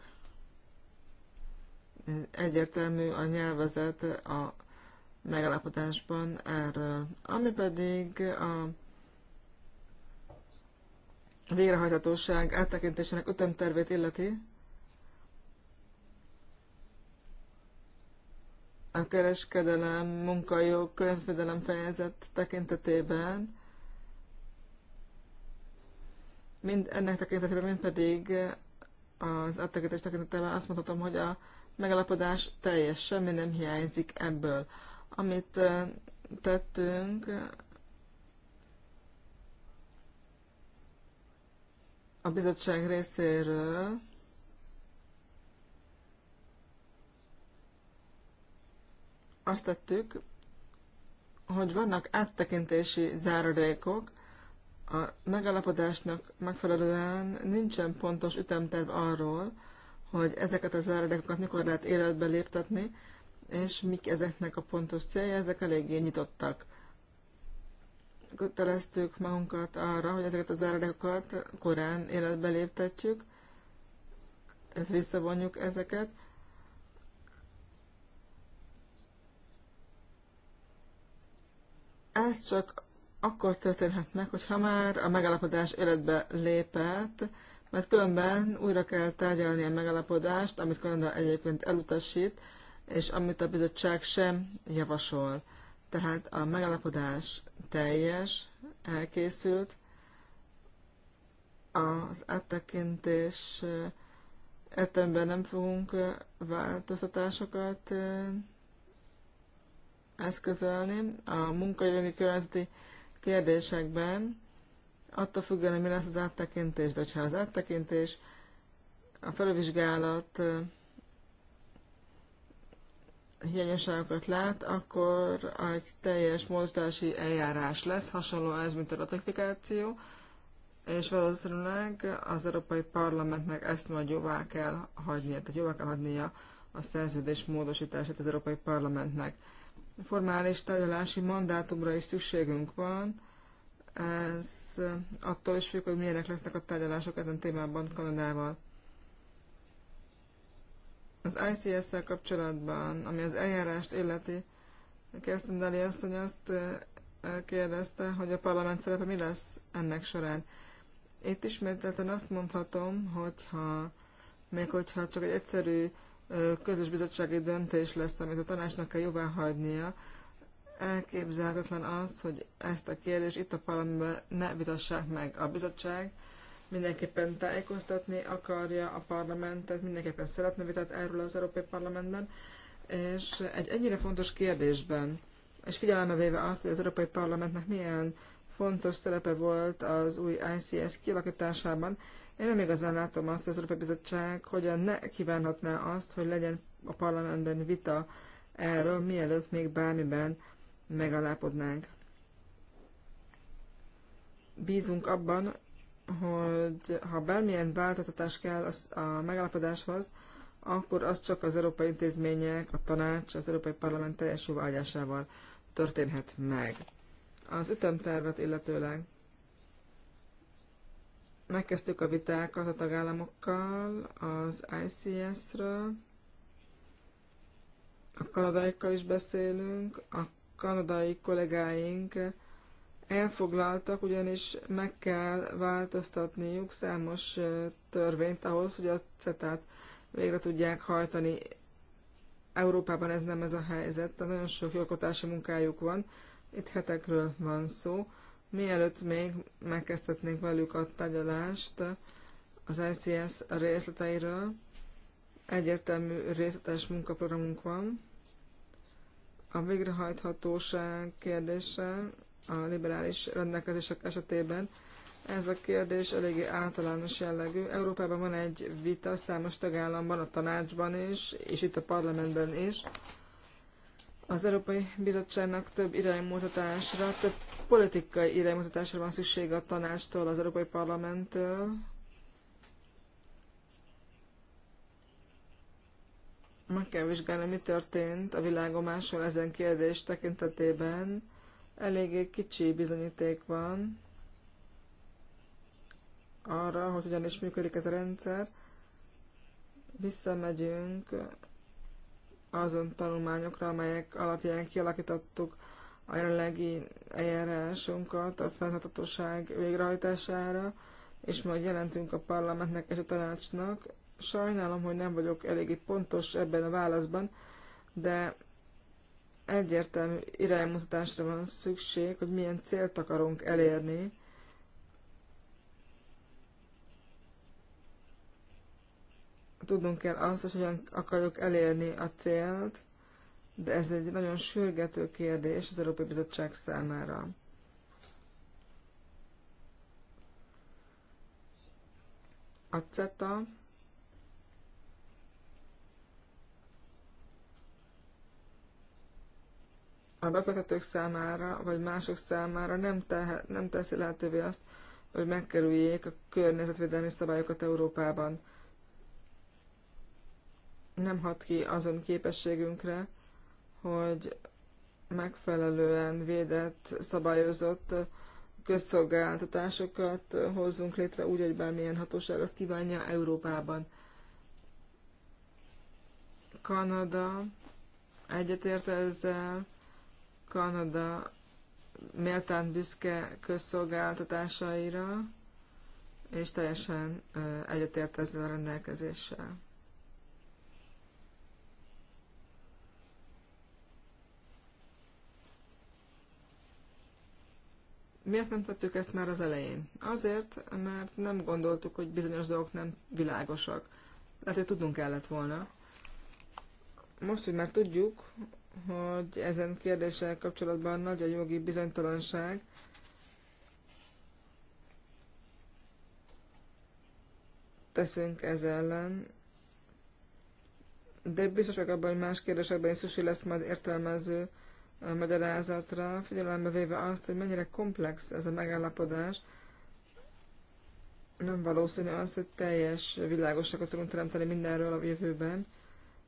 Egyértelmű a nyelvezet a megalapodásban erről. Ami pedig a végrehajtatóság áttekintésének ütemtervét illeti, a kereskedelem, munkajog, környezetvédelem fejezet tekintetében, mind ennek tekintetében, mind pedig az áttekintés tekintetében azt mondhatom, hogy a megalapodás teljes, semmi nem hiányzik ebből. Amit tettünk, a bizottság részéről azt tettük, hogy vannak áttekintési záradékok, a megalapodásnak megfelelően nincsen pontos ütemterv arról, hogy ezeket a záradékokat mikor lehet életbe léptetni, és mik ezeknek a pontos célja, ezek eléggé nyitottak. Köteleztük magunkat arra, hogy ezeket a záradékokat korán életbe léptetjük, visszavonjuk ezeket, ez csak akkor történhet meg, hogyha már a megállapodás életbe lépett, mert különben újra kell tárgyalni a megállapodást, amit Kanada egyébként elutasít, és amit a bizottság sem javasol. Tehát a megállapodás teljes, elkészült, az áttekintés értelemben nem fogunk változtatásokat eszközölni a munkajogi környezeti kérdésekben, attól függően, hogy mi lesz az áttekintés, de ha az áttekintés, a felvizsgálat hiányosságokat lát, akkor egy teljes módosítási eljárás lesz, hasonló ez, mint a ratifikáció, és valószínűleg az Európai Parlamentnek ezt majd jóvá kell hagynia, tehát jóvá kell hagynia a szerződés módosítását az Európai Parlamentnek formális tárgyalási mandátumra is szükségünk van. Ez eh, attól is függ, hogy milyenek lesznek a tárgyalások ezen témában Kanadával. Az ICS-szel kapcsolatban, ami az eljárást illeti, Kirsten Dali asszony azt eh, kérdezte, hogy a parlament szerepe mi lesz ennek során. Itt ismételten azt mondhatom, hogyha még hogyha csak egy egyszerű közös bizottsági döntés lesz, amit a tanácsnak kell jóvá hagynia. Elképzelhetetlen az, hogy ezt a kérdést itt a parlamentben ne vitassák meg. A bizottság mindenképpen tájékoztatni akarja a parlamentet, mindenképpen szeretne vitát erről az Európai Parlamentben, és egy ennyire fontos kérdésben, és figyelembe véve azt, hogy az Európai Parlamentnek milyen fontos szerepe volt az új ICS kialakításában, én nem igazán látom azt, hogy az Európai Bizottság hogyan ne kívánhatná azt, hogy legyen a parlamentben vita erről, mielőtt még bármiben megalápodnánk. Bízunk abban, hogy ha bármilyen változtatás kell a megállapodáshoz, akkor az csak az európai intézmények, a tanács, az Európai Parlament teljes jóvágyásával történhet meg. Az ütemtervet illetőleg Megkezdtük a vitákat a tagállamokkal, az ICS-ről, a kanadaikkal is beszélünk, a kanadai kollégáink elfoglaltak, ugyanis meg kell változtatniuk számos törvényt ahhoz, hogy a CETÁT végre tudják hajtani. Európában ez nem ez a helyzet, de nagyon sok jogotási munkájuk van, itt hetekről van szó. Mielőtt még megkezdhetnénk velük a tárgyalást az ICS részleteiről, egyértelmű részletes munkaprogramunk van. A végrehajthatóság kérdése a liberális rendelkezések esetében ez a kérdés eléggé általános jellegű. Európában van egy vita számos tagállamban, a tanácsban is, és itt a parlamentben is. Az Európai Bizottságnak több iránymutatásra, több politikai iránymutatásra van szükség a tanástól, az Európai Parlamenttől. Meg kell vizsgálni, mi történt a világon máshol ezen kérdés tekintetében. Eléggé kicsi bizonyíték van arra, hogy ugyanis működik ez a rendszer. Visszamegyünk azon tanulmányokra, amelyek alapján kialakítottuk a jelenlegi eljárásunkat a fenntarthatóság végrehajtására, és majd jelentünk a parlamentnek és a tanácsnak. Sajnálom, hogy nem vagyok eléggé pontos ebben a válaszban, de egyértelmű iránymutatásra van szükség, hogy milyen célt akarunk elérni, tudnunk kell azt, hogy hogyan akarjuk elérni a célt, de ez egy nagyon sürgető kérdés az Európai Bizottság számára. A CETA a befektetők számára, vagy mások számára nem, tehet, nem teszi lehetővé azt, hogy megkerüljék a környezetvédelmi szabályokat Európában. Nem hat ki azon képességünkre, hogy megfelelően védett, szabályozott közszolgáltatásokat hozzunk létre úgy, hogy bármilyen hatóság azt kívánja Európában. Kanada egyetért ezzel, Kanada méltán büszke közszolgáltatásaira, és teljesen egyetért ezzel a rendelkezéssel. Miért nem tettük ezt már az elején? Azért, mert nem gondoltuk, hogy bizonyos dolgok nem világosak. Lehet, hogy tudnunk kellett volna. Most, hogy már tudjuk, hogy ezen kérdéssel kapcsolatban nagy a jogi bizonytalanság, teszünk ez ellen, de biztos vagyok abban, hogy más kérdésekben is szükség lesz majd értelmező magyarázatra, figyelembe véve azt, hogy mennyire komplex ez a megállapodás, nem valószínű az, hogy teljes világosságot tudunk teremteni mindenről a jövőben,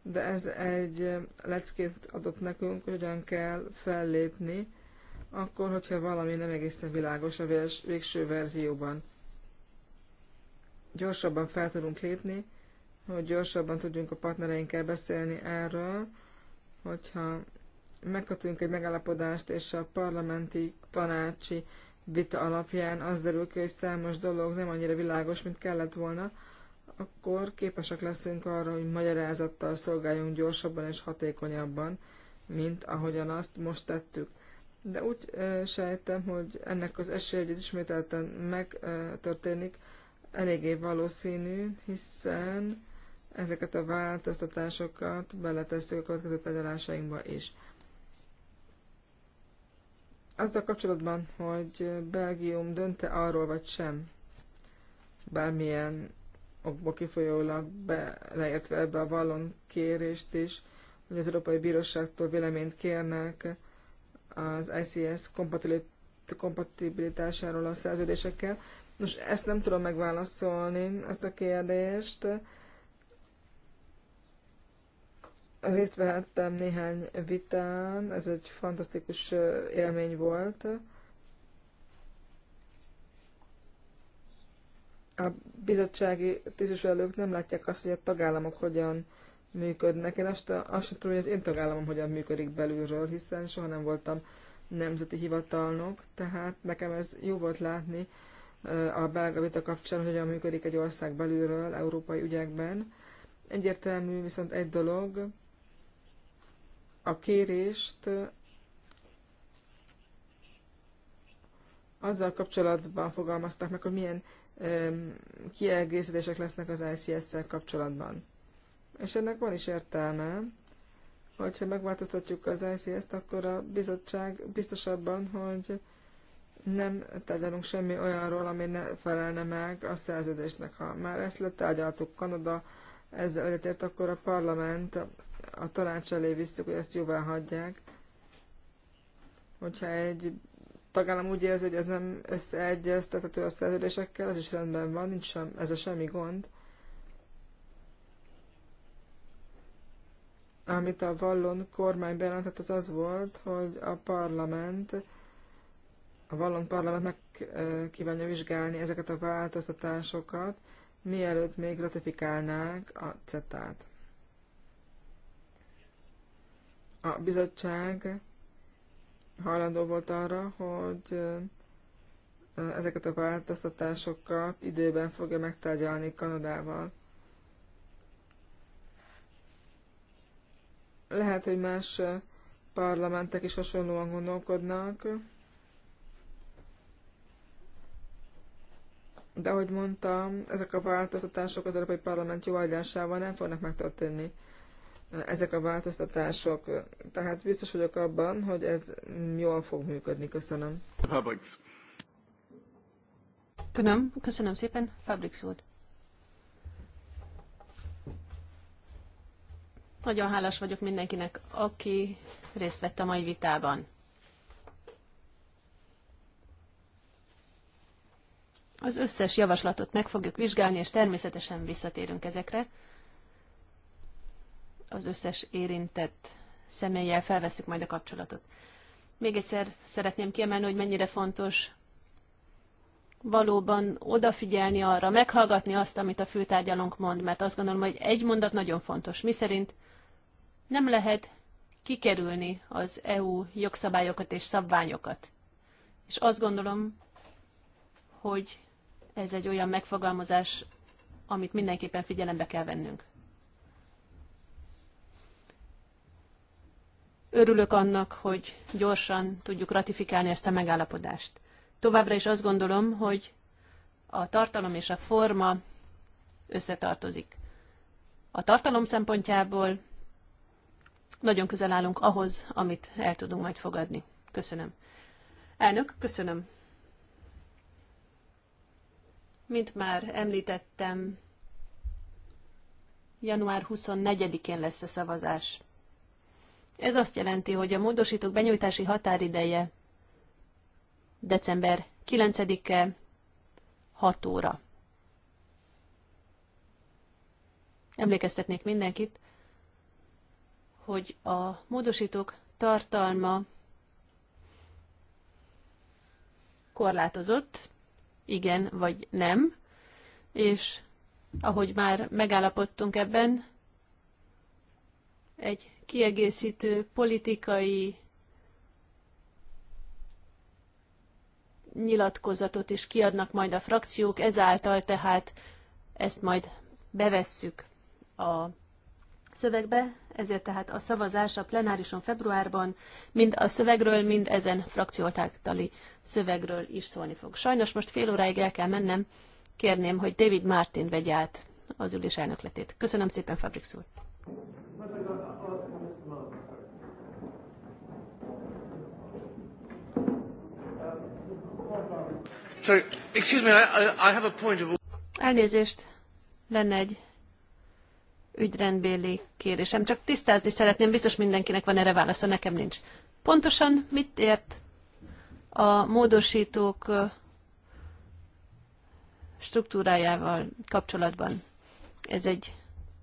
de ez egy leckét adott nekünk, hogy hogyan kell fellépni, akkor, hogyha valami nem egészen világos a végső verzióban. Gyorsabban fel tudunk lépni, hogy gyorsabban tudjunk a partnereinkkel beszélni erről, hogyha megkötünk egy megállapodást, és a parlamenti tanácsi vita alapján az derül ki, hogy számos dolog nem annyira világos, mint kellett volna, akkor képesek leszünk arra, hogy magyarázattal szolgáljunk gyorsabban és hatékonyabban, mint ahogyan azt most tettük. De úgy sejtem, hogy ennek az esélye, hogy ez ismételten megtörténik, eléggé valószínű, hiszen ezeket a változtatásokat beletesszük a következő tárgyalásainkba is azzal kapcsolatban, hogy Belgium dönte arról vagy sem, bármilyen okból kifolyólag beleértve ebbe a vallon kérést is, hogy az Európai Bíróságtól véleményt kérnek az ICS kompatibilitásáról a szerződésekkel. Nos, ezt nem tudom megválaszolni, ezt a kérdést részt vehettem néhány vitán, ez egy fantasztikus élmény volt. A bizottsági tisztviselők nem látják azt, hogy a tagállamok hogyan működnek. Én azt, azt sem tudom, hogy az én tagállamom hogyan működik belülről, hiszen soha nem voltam nemzeti hivatalnok, tehát nekem ez jó volt látni a belga vita kapcsán, hogyan működik egy ország belülről európai ügyekben. Egyértelmű viszont egy dolog, a kérést azzal kapcsolatban fogalmazták meg, hogy milyen kiegészítések lesznek az ICS-szel kapcsolatban. És ennek van is értelme, hogyha megváltoztatjuk az ICS-t, akkor a bizottság biztosabban, hogy nem tárgyalunk semmi olyanról, ami ne felelne meg a szerződésnek. Ha már ezt letárgyaltuk Kanada, ezzel egyetért, akkor a parlament a tanács elé visszük, hogy ezt jóvá hagyják. Hogyha egy tagállam úgy érzi, hogy ez nem összeegyeztethető a szerződésekkel, ez is rendben van, nincs sem, ez a semmi gond. Amit a vallon kormány bejelentett, az az volt, hogy a parlament, a vallon parlament meg kívánja vizsgálni ezeket a változtatásokat, mielőtt még ratifikálnák a CETA-t. a bizottság hajlandó volt arra, hogy ezeket a változtatásokat időben fogja megtárgyalni Kanadával. Lehet, hogy más parlamentek is hasonlóan gondolkodnak, de ahogy mondtam, ezek a változtatások az Európai Parlament jóhagyásával nem fognak megtörténni ezek a változtatások. Tehát biztos vagyok abban, hogy ez jól fog működni. Köszönöm. Fabrix. Köszönöm, köszönöm szépen. Fabrix úr. Nagyon hálás vagyok mindenkinek, aki részt vett a mai vitában. Az összes javaslatot meg fogjuk vizsgálni, és természetesen visszatérünk ezekre az összes érintett személlyel felveszük majd a kapcsolatot. Még egyszer szeretném kiemelni, hogy mennyire fontos valóban odafigyelni arra, meghallgatni azt, amit a főtárgyalónk mond, mert azt gondolom, hogy egy mondat nagyon fontos. Mi szerint nem lehet kikerülni az EU jogszabályokat és szabványokat. És azt gondolom, hogy ez egy olyan megfogalmazás, amit mindenképpen figyelembe kell vennünk. Örülök annak, hogy gyorsan tudjuk ratifikálni ezt a megállapodást. Továbbra is azt gondolom, hogy a tartalom és a forma összetartozik. A tartalom szempontjából nagyon közel állunk ahhoz, amit el tudunk majd fogadni. Köszönöm. Elnök, köszönöm. Mint már említettem, január 24-én lesz a szavazás. Ez azt jelenti, hogy a módosítók benyújtási határideje december 9-e 6 óra. Emlékeztetnék mindenkit, hogy a módosítók tartalma korlátozott, igen vagy nem, és ahogy már megállapodtunk ebben, egy kiegészítő politikai nyilatkozatot is kiadnak majd a frakciók, ezáltal tehát ezt majd bevesszük a szövegbe, ezért tehát a szavazás a plenárison februárban mind a szövegről, mind ezen frakciótáktali szövegről is szólni fog. Sajnos most fél óráig el kell mennem, kérném, hogy David Martin vegye át az ülés elnökletét. Köszönöm szépen, Fabrix úr! Sorry, excuse me, I, I have a point of... Elnézést, lenne egy ügyrendbéli kérésem. Csak tisztázni szeretném, biztos mindenkinek van erre válasza, nekem nincs. Pontosan mit ért a módosítók struktúrájával kapcsolatban? Ez egy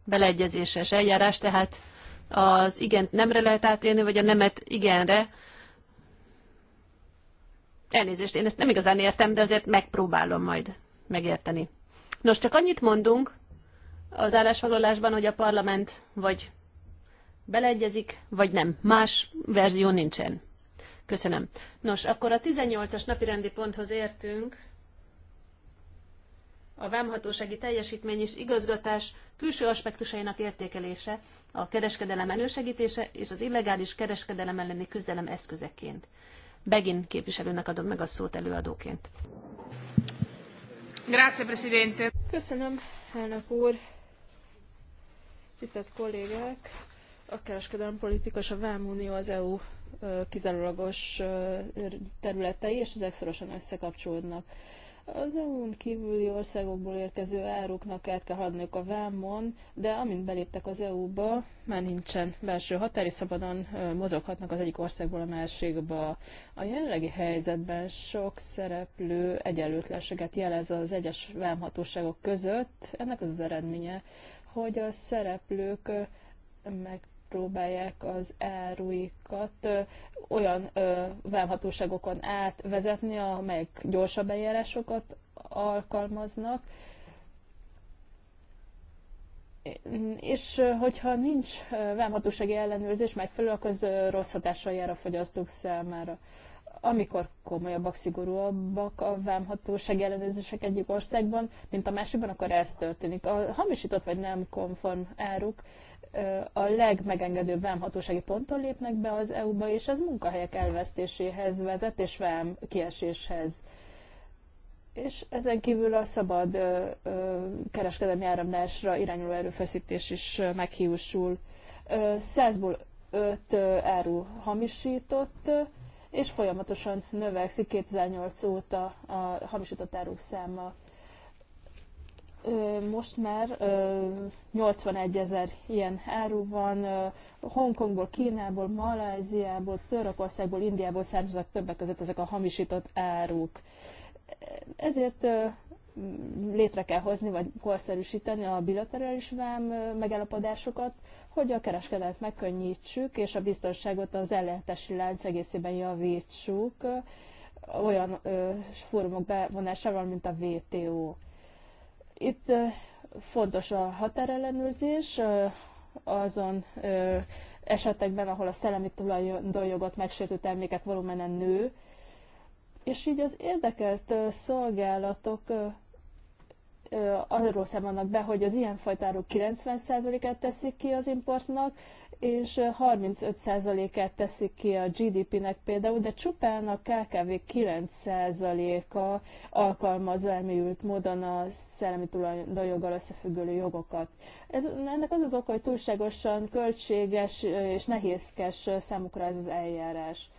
beleegyezéses eljárás, tehát az igent nemre lehet átélni, vagy a nemet igenre, Elnézést, én ezt nem igazán értem, de azért megpróbálom majd megérteni. Nos, csak annyit mondunk az állásfoglalásban, hogy a parlament vagy beleegyezik, vagy nem. Más verzió nincsen. Köszönöm. Nos, akkor a 18-as napirendi ponthoz értünk. A vámhatósági teljesítmény és igazgatás külső aspektusainak értékelése, a kereskedelem elősegítése és az illegális kereskedelem elleni küzdelem eszközeként. Begin képviselőnek adom meg a szót előadóként. Grazie, Presidente. Köszönöm, elnök úr. Tisztelt kollégák, a kereskedelmi politika és a Vámunió az EU kizárólagos területei, és ezek szorosan összekapcsolódnak. Az EU-n kívüli országokból érkező áruknak át kell haladniuk a vámon, de amint beléptek az EU-ba, már nincsen belső határi, szabadon mozoghatnak az egyik országból a másikba. A jelenlegi helyzetben sok szereplő egyenlőtlenséget jelez az egyes vámhatóságok között. Ennek az az eredménye, hogy a szereplők meg próbálják az áruikat olyan vámhatóságokon átvezetni, amelyek gyorsabb eljárásokat alkalmaznak, és hogyha nincs vámhatósági ellenőrzés megfelelő, akkor az rossz hatással jár a fogyasztók számára. Amikor komolyabbak, szigorúabbak a vámhatósági ellenőrzések egyik országban, mint a másikban, akkor ez történik. A hamisított vagy nem konform áruk a legmegengedőbb vámhatósági ponton lépnek be az EU-ba, és ez munkahelyek elvesztéséhez vezet, és vám kieséshez. És ezen kívül a szabad kereskedelmi áramlásra irányuló erőfeszítés is meghiúsul. százból öt áru hamisított, és folyamatosan növekszik 2008 óta a hamisított áruk száma most már 81 ezer ilyen áru van, Hongkongból, Kínából, Malajziából, Törökországból, Indiából származnak többek között ezek a hamisított áruk. Ezért létre kell hozni, vagy korszerűsíteni a bilaterális vám megállapodásokat, hogy a kereskedelmet megkönnyítsük, és a biztonságot az ellátási lánc egészében javítsuk olyan fórumok bevonásával, mint a WTO. Itt fontos a határellenőrzés, azon esetekben, ahol a szellemi tulajdonjogot megsértő termékek volumenen nő, és így az érdekelt szolgálatok arról számolnak be, hogy az ilyen fajtárok 90%-át teszik ki az importnak, és 35%-át teszik ki a GDP-nek például, de csupán a KKV 9%-a alkalmaz elmélyült módon a szellemi tulajdonjoggal összefüggő jogokat. Ez, ennek az az oka, hogy túlságosan költséges és nehézkes számukra ez az eljárás.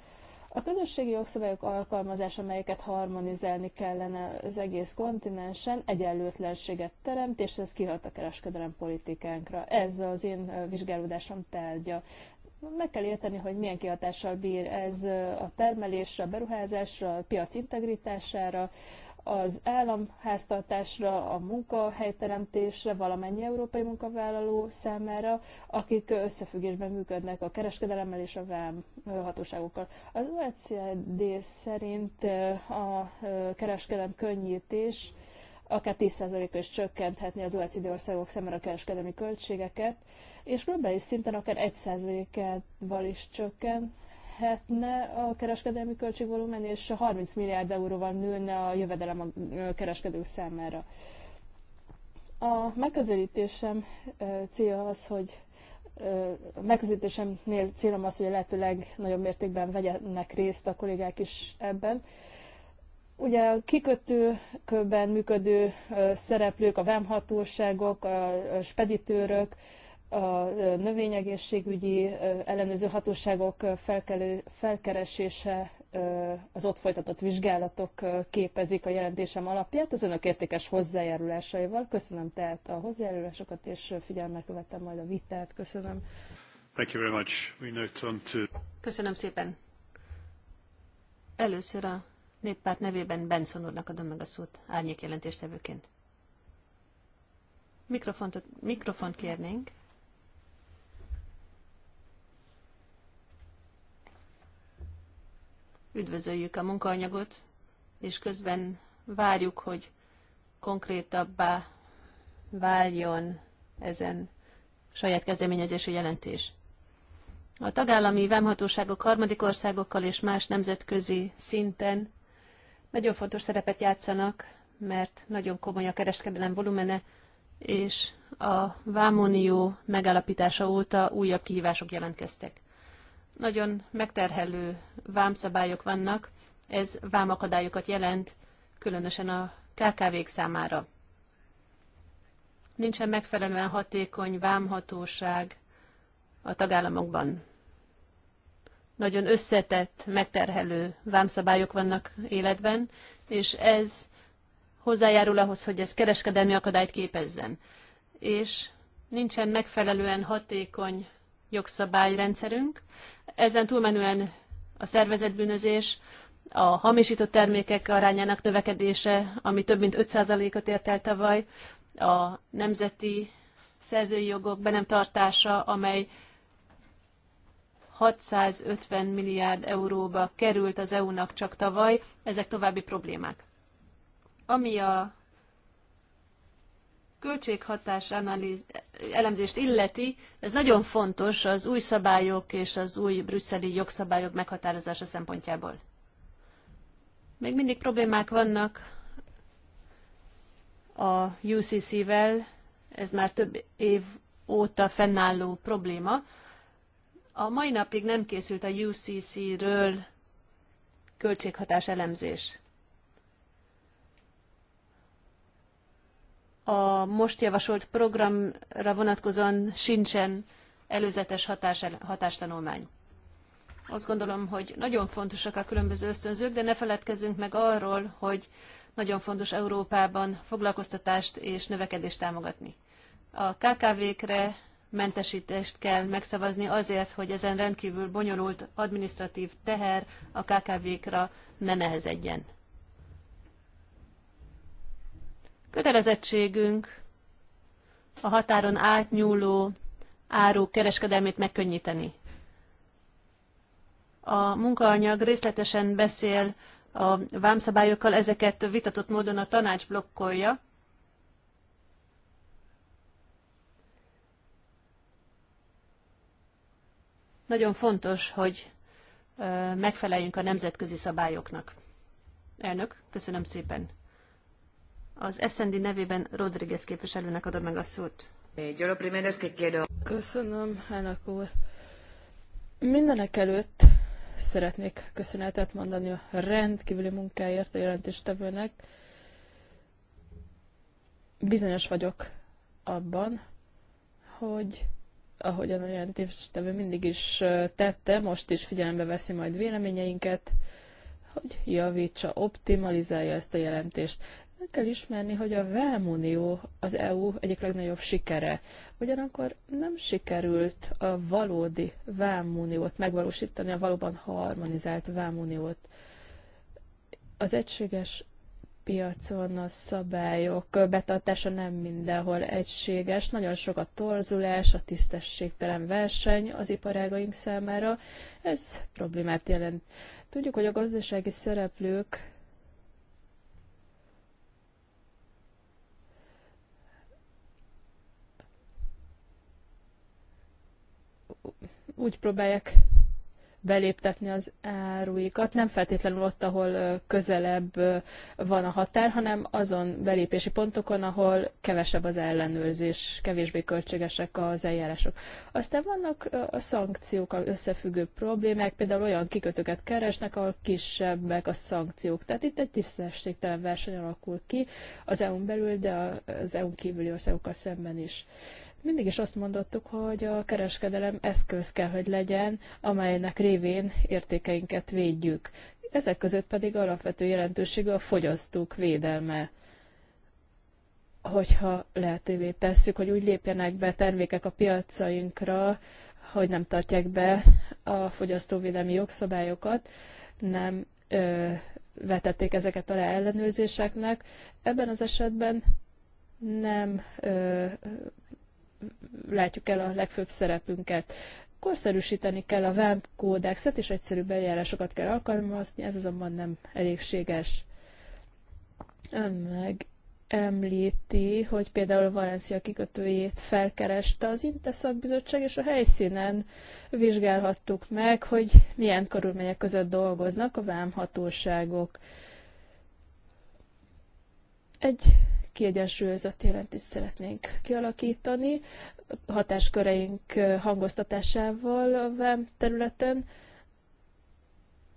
A közösségi jogszabályok alkalmazása, amelyeket harmonizálni kellene az egész kontinensen, egyenlőtlenséget teremt, és ez kihat a kereskedelem politikánkra. Ez az én vizsgálódásom tárgya. Meg kell érteni, hogy milyen kihatással bír ez a termelésre, a beruházásra, a piac integritására, az államháztartásra, a munkahelyteremtésre, valamennyi európai munkavállaló számára, akik összefüggésben működnek a kereskedelemmel és a vám hatóságokkal. Az OECD szerint a kereskedelem könnyítés akár 10%-kal is csökkenthetni az OECD országok számára a kereskedelmi költségeket, és globális szinten akár 1%-val is csökkent, növekedhetne a kereskedelmi költségvolumen, és 30 milliárd euróval nőne a jövedelem a kereskedők számára. A megközelítésem célja az, hogy a megközelítésemnél célom az, hogy a lehető legnagyobb mértékben vegyenek részt a kollégák is ebben. Ugye a kikötőkben működő szereplők, a vámhatóságok, a speditőrök, a növényegészségügyi ellenőrző hatóságok felkeresése, az ott folytatott vizsgálatok képezik a jelentésem alapját az önök értékes hozzájárulásaival. Köszönöm tehát a hozzájárulásokat, és figyelme követem majd a vitát. Köszönöm. Thank you very much. We note on to... Köszönöm szépen. Először a néppárt nevében Benson úrnak adom meg a szót, árnyék jelentéstevőként. Mikrofont, mikrofont kérnénk. Üdvözöljük a munkaanyagot, és közben várjuk, hogy konkrétabbá váljon ezen saját kezdeményezésű jelentés. A tagállami vámhatóságok harmadik országokkal és más nemzetközi szinten nagyon fontos szerepet játszanak, mert nagyon komoly a kereskedelem volumene, és a Vámunió megállapítása óta újabb kihívások jelentkeztek nagyon megterhelő vámszabályok vannak, ez vámakadályokat jelent, különösen a KKV-k számára. Nincsen megfelelően hatékony vámhatóság a tagállamokban. Nagyon összetett, megterhelő vámszabályok vannak életben, és ez hozzájárul ahhoz, hogy ez kereskedelmi akadályt képezzen. És nincsen megfelelően hatékony jogszabályrendszerünk, ezen túlmenően a szervezetbűnözés, a hamisított termékek arányának növekedése, ami több mint 5%-ot ért el tavaly, a nemzeti szerzői jogok be nem tartása, amely 650 milliárd euróba került az EU-nak csak tavaly, ezek további problémák. Ami a költséghatás elemzést illeti, ez nagyon fontos az új szabályok és az új brüsszeli jogszabályok meghatározása szempontjából. Még mindig problémák vannak a UCC-vel, ez már több év óta fennálló probléma. A mai napig nem készült a UCC-ről költséghatás elemzés. a most javasolt programra vonatkozóan sincsen előzetes hatás, hatástanulmány. Azt gondolom, hogy nagyon fontosak a különböző ösztönzők, de ne feledkezzünk meg arról, hogy nagyon fontos Európában foglalkoztatást és növekedést támogatni. A KKV-kre mentesítést kell megszavazni azért, hogy ezen rendkívül bonyolult administratív teher a KKV-kra ne nehezedjen. Kötelezettségünk a határon átnyúló áru kereskedelmét megkönnyíteni. A munkaanyag részletesen beszél a vámszabályokkal, ezeket vitatott módon a tanács blokkolja. Nagyon fontos, hogy megfeleljünk a nemzetközi szabályoknak. Elnök, köszönöm szépen. Az SND nevében Rodriguez képviselőnek adom meg a szót. Köszönöm, elnök úr. Mindenek előtt szeretnék köszönetet mondani a rendkívüli munkáért a jelentéstevőnek. Bizonyos vagyok abban, hogy ahogyan a jelentéstevő mindig is tette, most is figyelembe veszi majd véleményeinket, hogy javítsa, optimalizálja ezt a jelentést. Meg kell ismerni, hogy a Vámunió az EU egyik legnagyobb sikere. Ugyanakkor nem sikerült a valódi Vámuniót megvalósítani, a valóban harmonizált Vámuniót. Az egységes piacon a szabályok betartása nem mindenhol egységes, nagyon sok a torzulás, a tisztességtelen verseny az iparágaink számára, ez problémát jelent. Tudjuk, hogy a gazdasági szereplők úgy próbálják beléptetni az áruikat, nem feltétlenül ott, ahol közelebb van a határ, hanem azon belépési pontokon, ahol kevesebb az ellenőrzés, kevésbé költségesek az eljárások. Aztán vannak a szankciókkal összefüggő problémák, például olyan kikötőket keresnek, ahol kisebbek a szankciók. Tehát itt egy tisztességtelen verseny alakul ki az EU-n belül, de az EU-n kívüli országokkal szemben is. Mindig is azt mondottuk, hogy a kereskedelem eszköz kell, hogy legyen, amelynek révén értékeinket védjük. Ezek között pedig alapvető jelentőségű a fogyasztók védelme hogyha lehetővé tesszük, hogy úgy lépjenek be termékek a piacainkra, hogy nem tartják be a fogyasztóvédelmi jogszabályokat, nem ö, vetették ezeket alá ellenőrzéseknek. Ebben az esetben nem ö, látjuk el a legfőbb szerepünket. Korszerűsíteni kell a VAMP kódexet, és egyszerű bejárásokat kell alkalmazni, ez azonban nem elégséges. Ön meg említi, hogy például Valencia kikötőjét felkereste az Inteszakbizottság, és a helyszínen vizsgálhattuk meg, hogy milyen körülmények között dolgoznak a vámhatóságok. Egy kiegyensúlyozott jelentést szeretnénk kialakítani, hatásköreink hangoztatásával a VEM területen,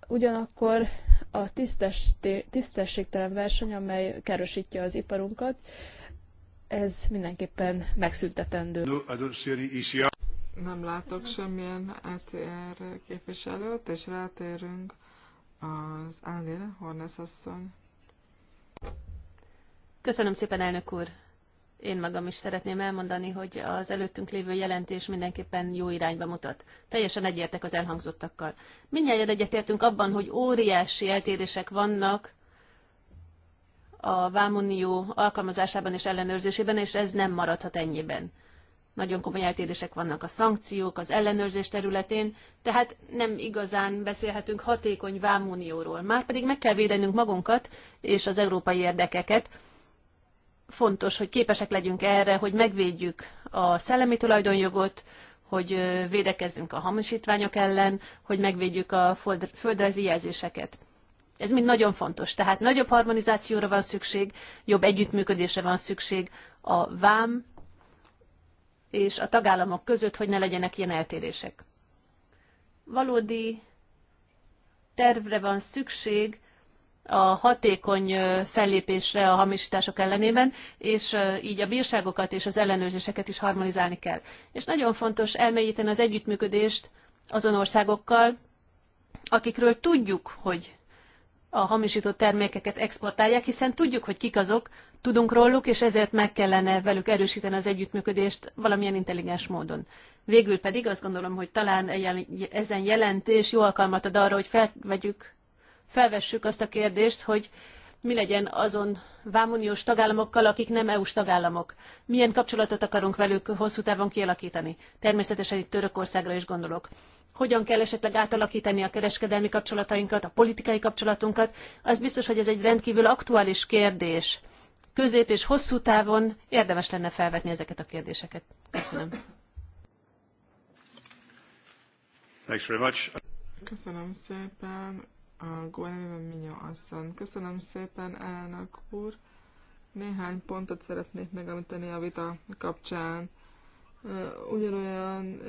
ugyanakkor a tisztességtelen verseny, amely károsítja az iparunkat, ez mindenképpen megszüntetendő. Nem látok semmilyen ACR e képviselőt, és rátérünk az Állére, Hornes asszony. Köszönöm szépen, elnök úr! Én magam is szeretném elmondani, hogy az előttünk lévő jelentés mindenképpen jó irányba mutat. Teljesen egyértek az elhangzottakkal. Mindjárt egyetértünk abban, hogy óriási eltérések vannak a Vámunió alkalmazásában és ellenőrzésében, és ez nem maradhat ennyiben. Nagyon komoly eltérések vannak a szankciók, az ellenőrzés területén, tehát nem igazán beszélhetünk hatékony vámunióról. Márpedig meg kell védenünk magunkat és az európai érdekeket, fontos, hogy képesek legyünk erre, hogy megvédjük a szellemi tulajdonjogot, hogy védekezzünk a hamisítványok ellen, hogy megvédjük a földrajzi jelzéseket. Ez mind nagyon fontos. Tehát nagyobb harmonizációra van szükség, jobb együttműködésre van szükség a vám és a tagállamok között, hogy ne legyenek ilyen eltérések. Valódi tervre van szükség, a hatékony fellépésre a hamisítások ellenében, és így a bírságokat és az ellenőrzéseket is harmonizálni kell. És nagyon fontos elmélyíteni az együttműködést azon országokkal, akikről tudjuk, hogy a hamisított termékeket exportálják, hiszen tudjuk, hogy kik azok, tudunk róluk, és ezért meg kellene velük erősíteni az együttműködést valamilyen intelligens módon. Végül pedig azt gondolom, hogy talán ezen jelentés jó alkalmat ad arra, hogy felvegyük felvessük azt a kérdést, hogy mi legyen azon vámuniós tagállamokkal, akik nem EU-s tagállamok. Milyen kapcsolatot akarunk velük hosszú távon kialakítani? Természetesen itt Törökországra is gondolok. Hogyan kell esetleg átalakítani a kereskedelmi kapcsolatainkat, a politikai kapcsolatunkat? Az biztos, hogy ez egy rendkívül aktuális kérdés. Közép és hosszú távon érdemes lenne felvetni ezeket a kérdéseket. Köszönöm. Köszönöm szépen a Guerrero Minyo asszony. Köszönöm szépen, elnök úr. Néhány pontot szeretnék megemlíteni a vita kapcsán. Ugyanolyan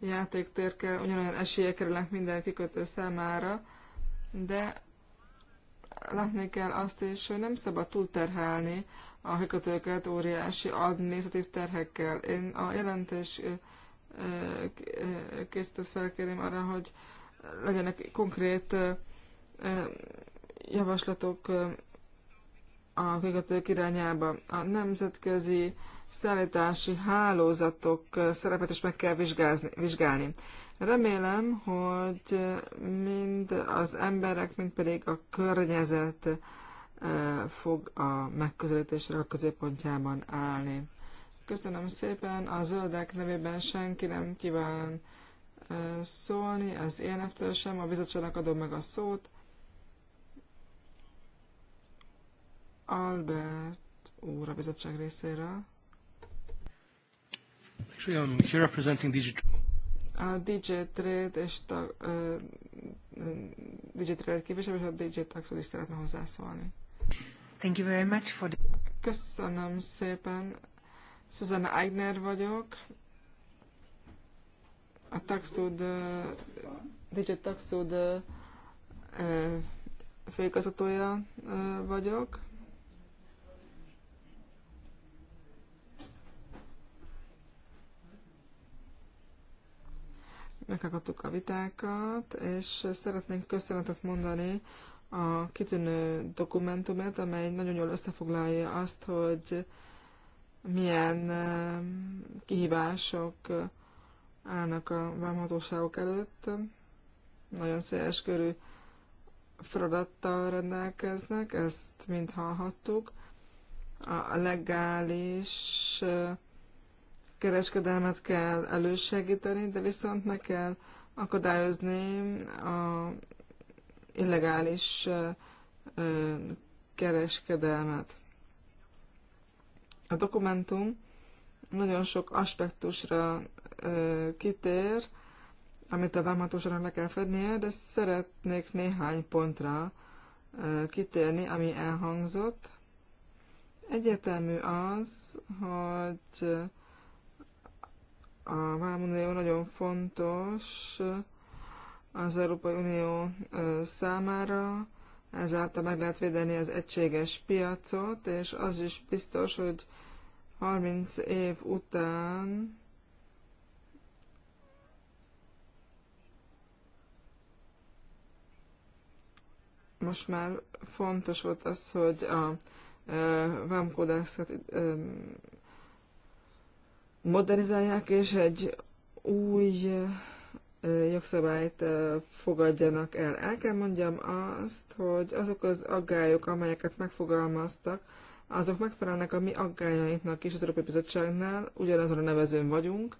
játéktér kell, ugyanolyan esélyek kerülnek minden kikötő számára, de látni kell azt is, hogy nem szabad túlterhelni a kikötőket óriási adminisztratív terhekkel. Én a jelentés készítőt felkérém arra, hogy legyenek konkrét javaslatok a végetők irányába. A nemzetközi szállítási hálózatok szerepet is meg kell vizsgálni. Remélem, hogy mind az emberek, mind pedig a környezet fog a megközelítésre a középpontjában állni. Köszönöm szépen, a zöldek nevében senki nem kíván szólni, az én től sem, a bizottságnak adom meg a szót. Albert úr a bizottság részéről. Actually, I'm here representing Digital. A DJ Trade és a uh, DJ Trade képviselő és a DJ Taxod is szeretne hozzászólni. Thank you very much for the... Köszönöm szépen. Susanna Eigner vagyok, a taxud, DJ taxud főigazgatója vagyok. meghallgattuk a vitákat, és szeretnénk köszönetet mondani a kitűnő dokumentumet, amely nagyon jól összefoglalja azt, hogy milyen kihívások állnak a vámhatóságok előtt. Nagyon széles körű feladattal rendelkeznek, ezt mind hallhattuk. A legális kereskedelmet kell elősegíteni, de viszont meg kell akadályozni a illegális kereskedelmet. A dokumentum nagyon sok aspektusra kitér, amit a vámatosan le kell fednie, de szeretnék néhány pontra kitérni, ami elhangzott. Egyértelmű az, hogy a Vámunió nagyon fontos az Európai Unió számára, ezáltal meg lehet védeni az egységes piacot, és az is biztos, hogy 30 év után most már fontos volt az, hogy a vámkódexet modernizálják, és egy új jogszabályt fogadjanak el. El kell mondjam azt, hogy azok az aggályok, amelyeket megfogalmaztak, azok megfelelnek a mi aggájainknak is az Európai Bizottságnál, ugyanazon a nevezőn vagyunk,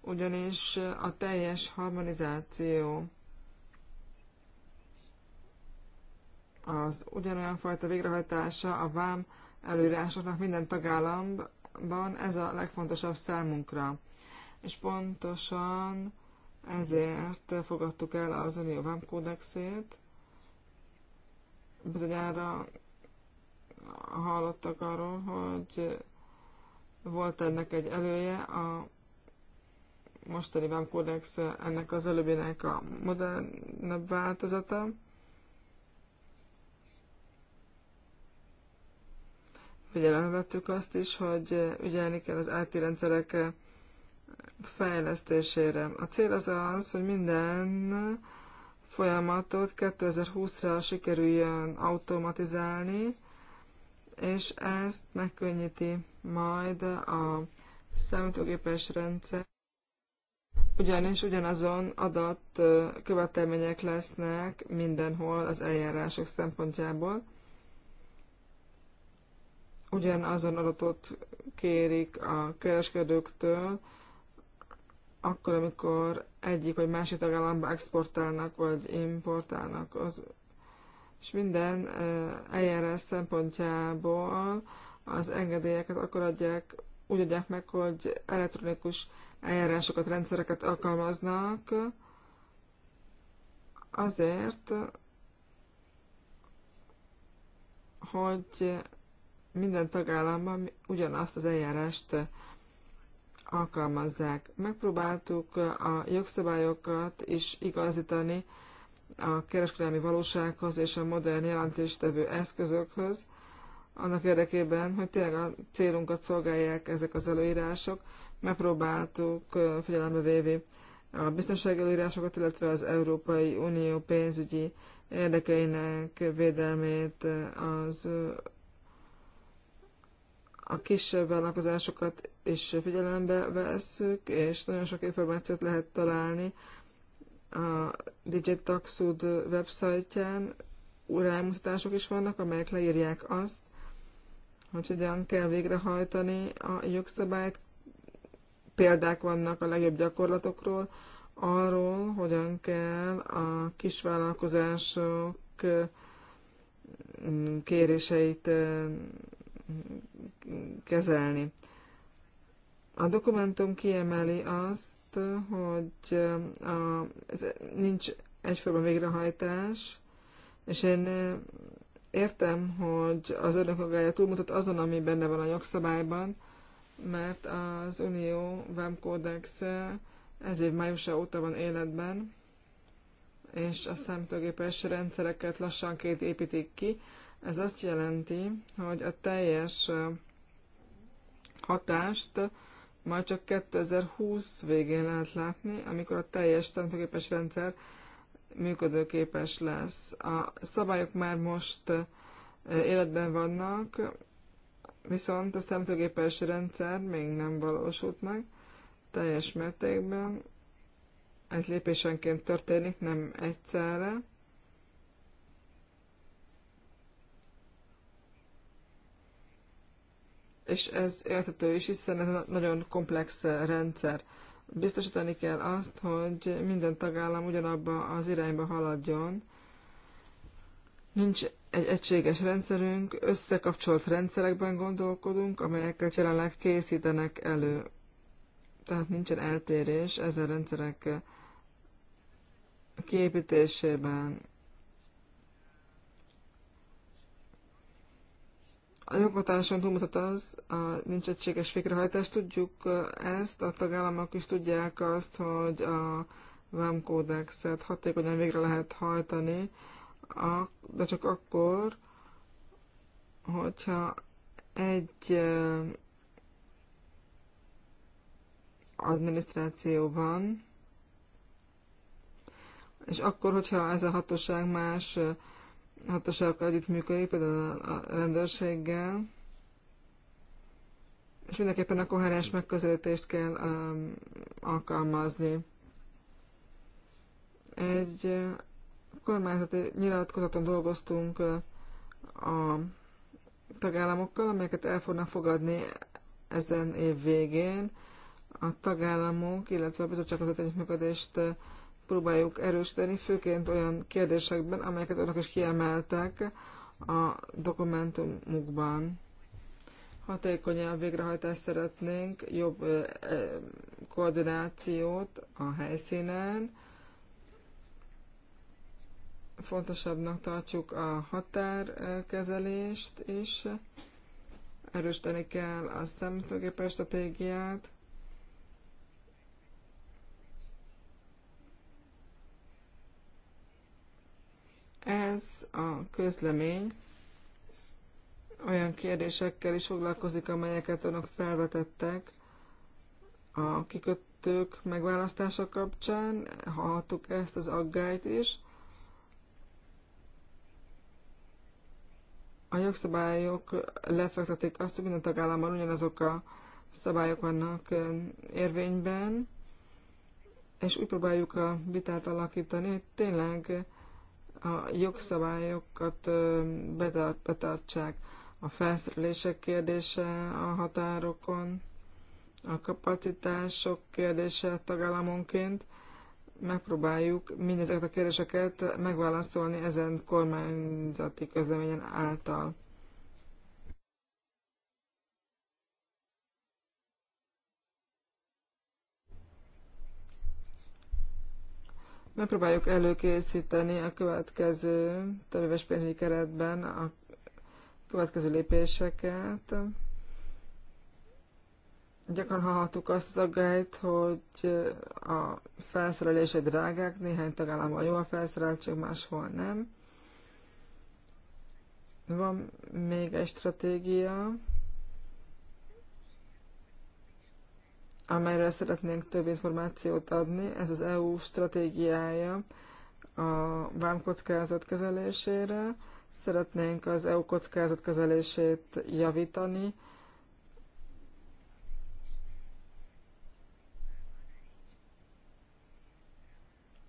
ugyanis a teljes harmonizáció az ugyanolyan fajta végrehajtása a vám előírásoknak minden tagállamban, ez a legfontosabb számunkra. És pontosan ezért fogadtuk el az Unió vám kódexét. Bizonyára hallottak arról, hogy volt ennek egy elője, a mostani vám kódex ennek az előbbének a modernebb változata. Figyelembe vettük azt is, hogy ügyelni kell az IT rendszerek fejlesztésére. A cél az az, hogy minden folyamatot 2020-ra sikerüljön automatizálni, és ezt megkönnyíti majd a számítógépes rendszer. Ugyanis ugyanazon adat követelmények lesznek mindenhol az eljárások szempontjából ugyanazon adatot kérik a kereskedőktől, akkor, amikor egyik vagy másik tagállamba exportálnak vagy importálnak. Az, és minden eljárás szempontjából az engedélyeket akkor adják, úgy adják meg, hogy elektronikus eljárásokat, rendszereket alkalmaznak, azért, hogy minden tagállamban ugyanazt az eljárást alkalmazzák. Megpróbáltuk a jogszabályokat is igazítani a kereskedelmi valósághoz és a modern jelentéstevő eszközökhöz, annak érdekében, hogy tényleg a célunkat szolgálják ezek az előírások. Megpróbáltuk figyelembe vévi a biztonsági előírásokat, illetve az Európai Unió pénzügyi érdekeinek védelmét az a kisebb vállalkozásokat is figyelembe veszük, és nagyon sok információt lehet találni a Digitaxud websájtján. Rámutatások is vannak, amelyek leírják azt, hogy hogyan kell végrehajtani a jogszabályt. Példák vannak a legjobb gyakorlatokról, arról, hogyan kell a kisvállalkozások kéréseit kezelni. A dokumentum kiemeli azt, hogy a, ez nincs egyforma végrehajtás, és én értem, hogy az önök aggája túlmutat azon, ami benne van a jogszabályban, mert az Unió VAM Codex ez év májusa óta van életben, és a számítógépes rendszereket lassanként építik ki. Ez azt jelenti, hogy a teljes hatást majd csak 2020 végén lehet látni, amikor a teljes számítógépes rendszer működőképes lesz. A szabályok már most eh, életben vannak, viszont a számítógépes rendszer még nem valósult meg teljes mértékben. Ez lépésenként történik, nem egyszerre. és ez érthető is, hiszen ez egy nagyon komplex eh, rendszer. Biztosítani kell azt, hogy minden tagállam ugyanabba az irányba haladjon. Nincs egy egységes rendszerünk, összekapcsolt rendszerekben gondolkodunk, amelyekkel jelenleg készítenek elő. Tehát nincsen eltérés ezen rendszerek eh, kiépítésében. A jogotáson túlmutat az, a nincs egységes végrehajtás. Tudjuk ezt, a tagállamok is tudják azt, hogy a kódexet hatékonyan végre lehet hajtani, de csak akkor, hogyha egy adminisztráció van, és akkor, hogyha ez a hatóság más hatóságokkal együttműködik, például a rendőrséggel, és mindenképpen a koherens megközelítést kell um, alkalmazni. Egy kormányzati nyilatkozaton dolgoztunk a tagállamokkal, amelyeket el fognak fogadni ezen év végén. A tagállamok, illetve a bizottság az együttműködést uh, próbáljuk erősíteni, főként olyan kérdésekben, amelyeket önök is kiemeltek a dokumentumukban. Hatékonyabb végrehajtást szeretnénk, jobb koordinációt a helyszínen, fontosabbnak tartjuk a határkezelést is, erősíteni kell a szemtőgépes stratégiát, Ez a közlemény olyan kérdésekkel is foglalkozik, amelyeket önök felvetettek a kikötők megválasztása kapcsán. Hallhattuk ezt az aggályt is. A jogszabályok lefektetik azt, hogy minden tagállamban ugyanazok a szabályok vannak érvényben, és úgy próbáljuk a vitát alakítani, hogy tényleg a jogszabályokat betart, betartsák. A felszerelések kérdése a határokon, a kapacitások kérdése tagállamonként. Megpróbáljuk mindezeket a kérdéseket megválaszolni ezen kormányzati közleményen által. megpróbáljuk előkészíteni a következő többéves pénzügyi keretben a következő lépéseket. Gyakran hallhattuk azt az aggályt, hogy a felszerelése drágák, néhány tagállamban jó a felszereltség, máshol nem. Van még egy stratégia, amelyről szeretnénk több információt adni. Ez az EU stratégiája a vámkockázat kezelésére. Szeretnénk az EU kockázat kezelését javítani,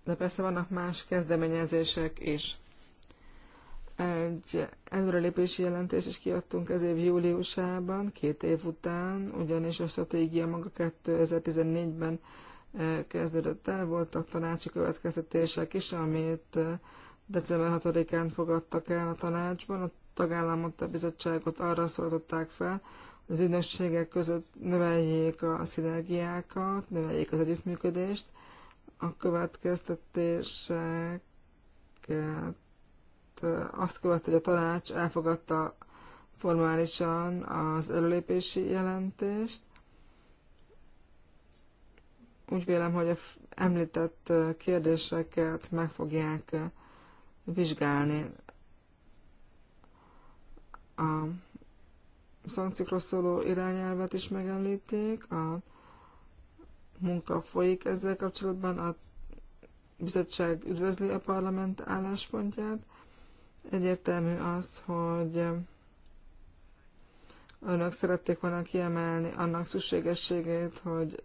de persze vannak más kezdeményezések is egy előrelépési jelentést is kiadtunk ez év júliusában, két év után, ugyanis a stratégia maga 2014-ben eh, kezdődött el, voltak tanácsi következtetések is, amit eh, december 6-án fogadtak el a tanácsban, a tagállamot, a bizottságot arra szólították fel, hogy az ügynökségek között növeljék a szinergiákat, növeljék az együttműködést, a következtetéseket azt követ, hogy a tanács elfogadta formálisan az előlépési jelentést. Úgy vélem, hogy a említett kérdéseket meg fogják vizsgálni. A szankciókról szóló irányelvet is megemlíték, a munka folyik ezzel kapcsolatban, a bizottság üdvözli a parlament álláspontját, Egyértelmű az, hogy önök szerették volna kiemelni annak szükségességét, hogy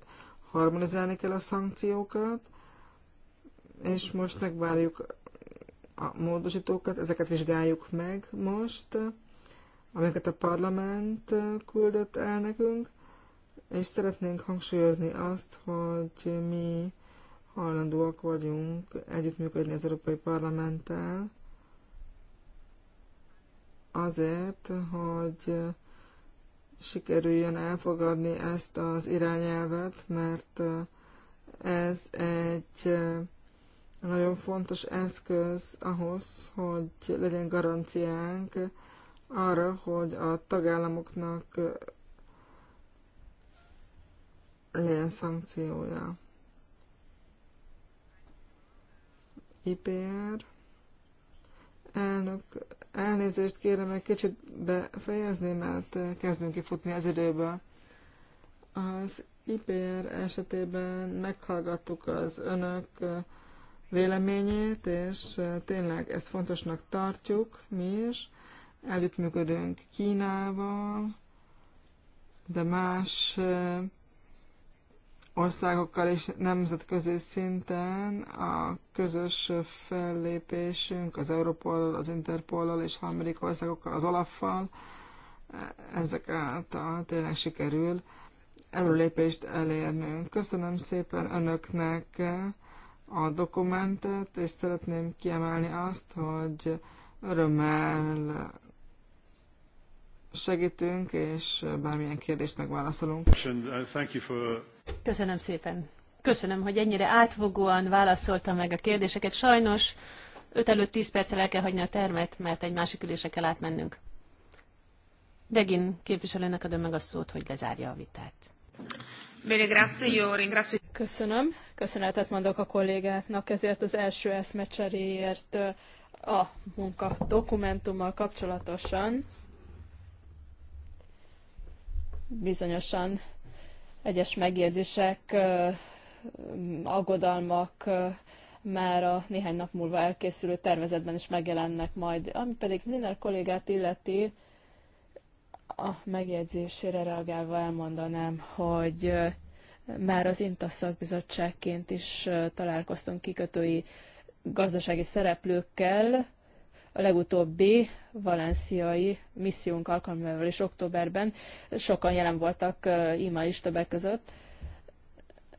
harmonizálni kell a szankciókat, és most megvárjuk a módosítókat, ezeket vizsgáljuk meg most, amiket a parlament küldött el nekünk, és szeretnénk hangsúlyozni azt, hogy mi hajlandóak vagyunk együttműködni az Európai Parlamenttel, azért, hogy sikerüljön elfogadni ezt az irányelvet, mert ez egy nagyon fontos eszköz ahhoz, hogy legyen garanciánk arra, hogy a tagállamoknak legyen szankciója. IPR elnök Elnézést kérem, egy kicsit befejezni, mert eh, kezdünk kifutni az időből. Az IPR esetében meghallgattuk az önök eh, véleményét, és eh, tényleg ezt fontosnak tartjuk mi is. Együttműködünk Kínával, de más országokkal és nemzetközi szinten a közös fellépésünk az Europol, az Interpollal és Amerikai országokkal, az Olaffal, ezek által tényleg sikerül előlépést elérnünk. Köszönöm szépen Önöknek a dokumentet, és szeretném kiemelni azt, hogy örömmel segítünk, és bármilyen kérdést megválaszolunk. Uh, thank you for Köszönöm szépen. Köszönöm, hogy ennyire átfogóan válaszoltam meg a kérdéseket. Sajnos 5 előtt 10 perccel el kell hagyni a termet, mert egy másik ülésre kell átmennünk. Degin képviselőnek adom meg a szót, hogy lezárja a vitát. Köszönöm. Köszönetet mondok a kollégáknak ezért az első eszmecseréért a munka dokumentummal kapcsolatosan. Bizonyosan egyes megjegyzések, aggodalmak már a néhány nap múlva elkészülő tervezetben is megjelennek majd. Ami pedig minden kollégát illeti, a megjegyzésére reagálva elmondanám, hogy már az INTA szakbizottságként is találkoztunk kikötői gazdasági szereplőkkel, a legutóbbi valenciai missziónk alkalmával is októberben sokan jelen voltak ima is többek között.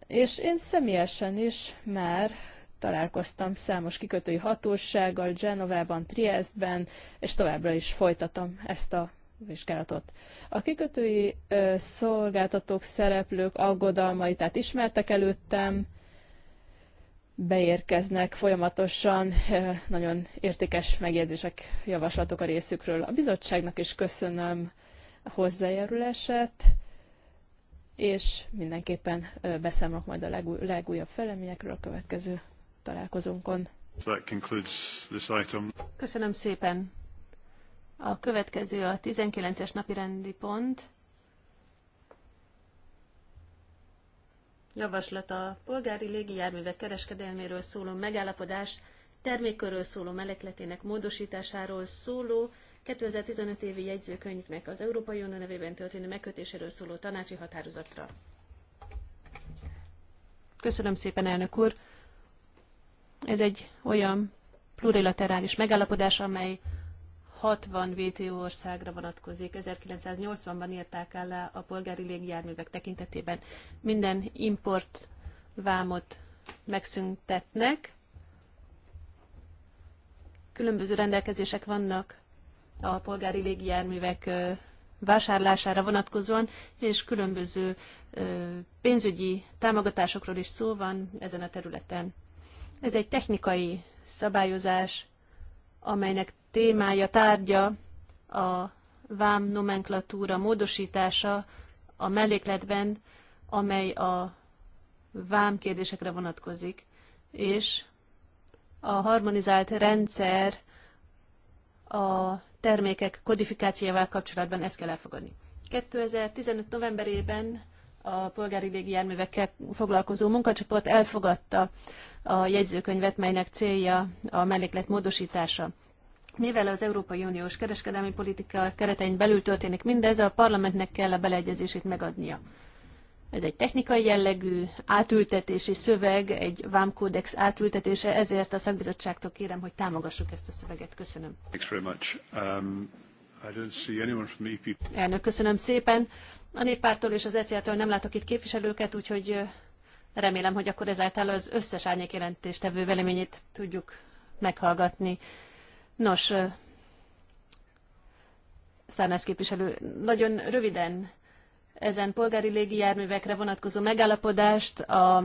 És én személyesen is már találkoztam számos kikötői hatósággal, Genovában, Triestben, és továbbra is folytatom ezt a vizsgálatot. A kikötői ö, szolgáltatók, szereplők aggodalmait tehát ismertek előttem, beérkeznek folyamatosan eh, nagyon értékes megjegyzések, javaslatok a részükről. A bizottságnak is köszönöm a hozzájárulását, és mindenképpen eh, beszámolok majd a legúj, legújabb feleményekről a következő találkozónkon. Köszönöm szépen. A következő a 19-es napi rendi pont. javaslat a polgári légijárművek kereskedelméről szóló megállapodás termékkörről szóló melekletének módosításáról szóló 2015 évi jegyzőkönyvnek az Európai Unió nevében történő megkötéséről szóló tanácsi határozatra. Köszönöm szépen, elnök úr! Ez egy olyan plurilaterális megállapodás, amely 60 WTO országra vonatkozik. 1980-ban írták el a polgári légjárművek tekintetében. Minden import vámot megszüntetnek. Különböző rendelkezések vannak a polgári légjárművek vásárlására vonatkozóan, és különböző pénzügyi támogatásokról is szó van ezen a területen. Ez egy technikai szabályozás, amelynek témája, tárgya a vám nomenklatúra módosítása a mellékletben, amely a vám kérdésekre vonatkozik, és a harmonizált rendszer a termékek kodifikációjával kapcsolatban ezt kell elfogadni. 2015. novemberében a polgári légijárművekkel foglalkozó munkacsoport elfogadta a jegyzőkönyvet, melynek célja a melléklet módosítása. Mivel az Európai Uniós kereskedelmi politika keretein belül történik mindez, a parlamentnek kell a beleegyezését megadnia. Ez egy technikai jellegű átültetési szöveg, egy vámkódex átültetése, ezért a szakbizottságtól kérem, hogy támogassuk ezt a szöveget. Köszönöm. Thanks very much. Um, E Elnök, köszönöm szépen. A néppártól és az ECR-től nem látok itt képviselőket, úgyhogy remélem, hogy akkor ezáltal az összes árnyékjelentéstevő véleményét tudjuk meghallgatni. Nos, Szárnász képviselő, nagyon röviden ezen polgári légijárművekre vonatkozó megállapodást a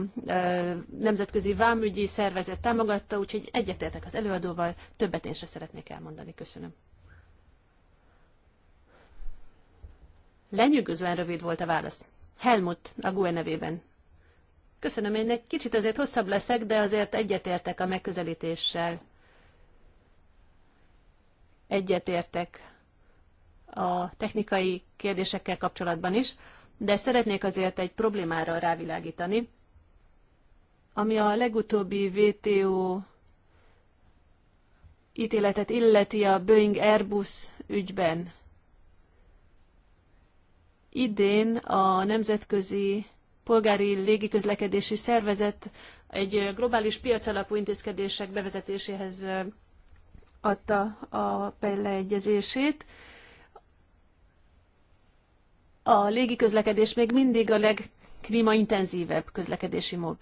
Nemzetközi Vámügyi Szervezet támogatta, úgyhogy egyetértek az előadóval, többet én se szeretnék elmondani. Köszönöm. Lenyűgözően rövid volt a válasz. Helmut, a GUE nevében. Köszönöm, én egy kicsit azért hosszabb leszek, de azért egyetértek a megközelítéssel. Egyetértek a technikai kérdésekkel kapcsolatban is, de szeretnék azért egy problémára rávilágítani, ami a legutóbbi WTO ítéletet illeti a Boeing Airbus ügyben idén a Nemzetközi Polgári Légiközlekedési Szervezet egy globális piacalapú intézkedések bevezetéséhez adta a beleegyezését. A légiközlekedés még mindig a legklímaintenzívebb közlekedési mód.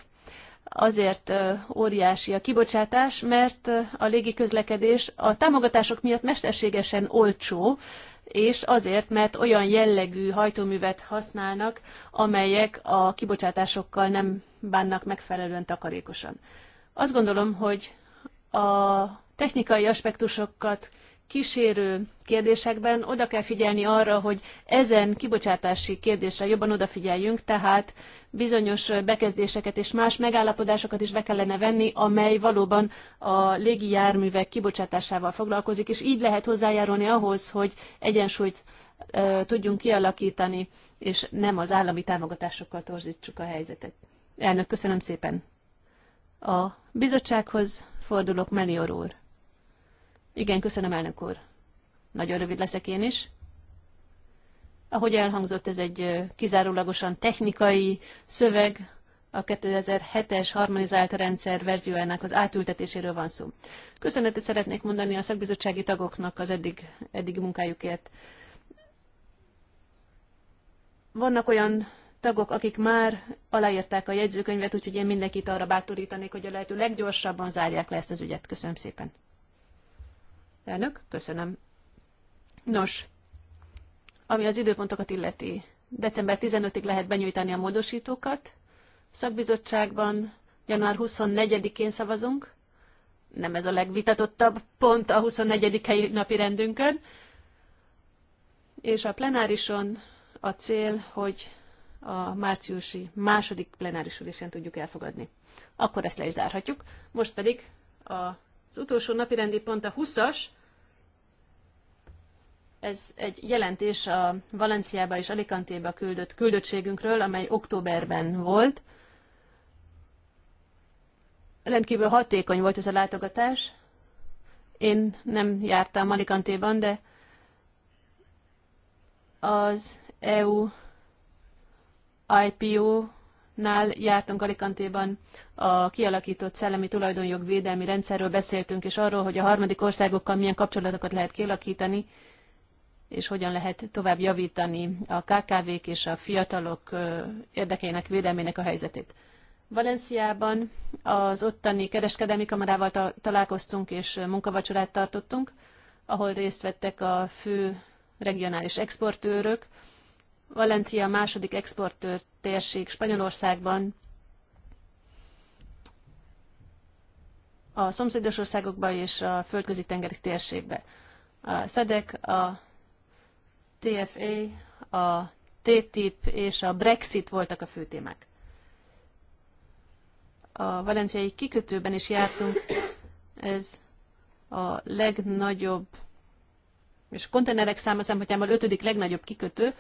Azért óriási a kibocsátás, mert a légiközlekedés a támogatások miatt mesterségesen olcsó, és azért, mert olyan jellegű hajtóművet használnak, amelyek a kibocsátásokkal nem bánnak megfelelően takarékosan. Azt gondolom, hogy a technikai aspektusokat kísérő kérdésekben oda kell figyelni arra, hogy ezen kibocsátási kérdésre jobban odafigyeljünk, tehát bizonyos bekezdéseket és más megállapodásokat is be kellene venni, amely valóban a légi járművek kibocsátásával foglalkozik, és így lehet hozzájárulni ahhoz, hogy egyensúlyt e, tudjunk kialakítani, és nem az állami támogatásokkal torzítsuk a helyzetet. Elnök, köszönöm szépen. A bizottsághoz fordulok, Melior úr. Igen, köszönöm, elnök úr. Nagyon rövid leszek én is. Ahogy elhangzott, ez egy kizárólagosan technikai szöveg, a 2007-es harmonizált rendszer verziójának az átültetéséről van szó. Köszönetet szeretnék mondani a szakbizottsági tagoknak az eddig, eddig munkájukért. Vannak olyan tagok, akik már aláírták a jegyzőkönyvet, úgyhogy én mindenkit arra bátorítanék, hogy a lehető leggyorsabban zárják le ezt az ügyet. Köszönöm szépen. Elnök, köszönöm. Nos, ami az időpontokat illeti, december 15-ig lehet benyújtani a módosítókat. Szakbizottságban január 24-én szavazunk. Nem ez a legvitatottabb pont a 24. helyi napi rendünkön. És a plenárison a cél, hogy a márciusi második plenáris ülésen tudjuk elfogadni. Akkor ezt le is zárhatjuk. Most pedig az utolsó napirendi pont a 20-as, ez egy jelentés a Valenciába és Alicantéba küldött küldöttségünkről, amely októberben volt. Rendkívül hatékony volt ez a látogatás. Én nem jártam Alicantéban, de az EU IPO-nál jártunk Alicantéban a kialakított szellemi tulajdonjog védelmi rendszerről beszéltünk, és arról, hogy a harmadik országokkal milyen kapcsolatokat lehet kialakítani, és hogyan lehet tovább javítani a KKV-k és a fiatalok érdekeinek védelmének a helyzetét. Valenciában az ottani kereskedelmi kamarával találkoztunk és munkavacsorát tartottunk, ahol részt vettek a fő regionális exportőrök. Valencia a második exportőr térség Spanyolországban, a szomszédos országokba és a földközi tengeri térségbe. A SZEDEK, a TFA, a TTIP és a Brexit voltak a fő témák. A valenciai kikötőben is jártunk, ez a legnagyobb, és konténerek száma szempontjából ötödik legnagyobb kikötő,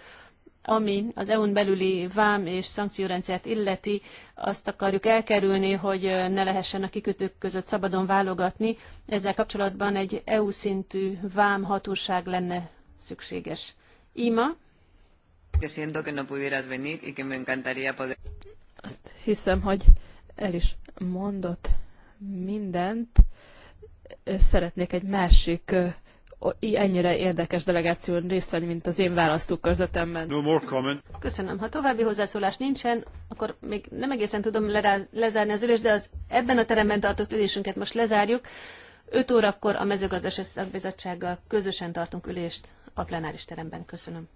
ami az EU-n belüli vám és szankciórendszert illeti, azt akarjuk elkerülni, hogy ne lehessen a kikötők között szabadon válogatni. Ezzel kapcsolatban egy EU szintű vám hatóság lenne szükséges. Ima. Que siento que no pudieras venir y que me encantaría poder... Azt hiszem, hogy el is mondott mindent. Szeretnék egy másik ennyire érdekes delegáción részt venni, mint az én választókörzetemben. No more comment. Köszönöm. Ha további hozzászólás nincsen, akkor még nem egészen tudom leráz, lezárni az ülést, de az ebben a teremben tartott ülésünket most lezárjuk. 5 órakor a mezőgazdasági szakbizottsággal közösen tartunk ülést a plenáris teremben. Köszönöm.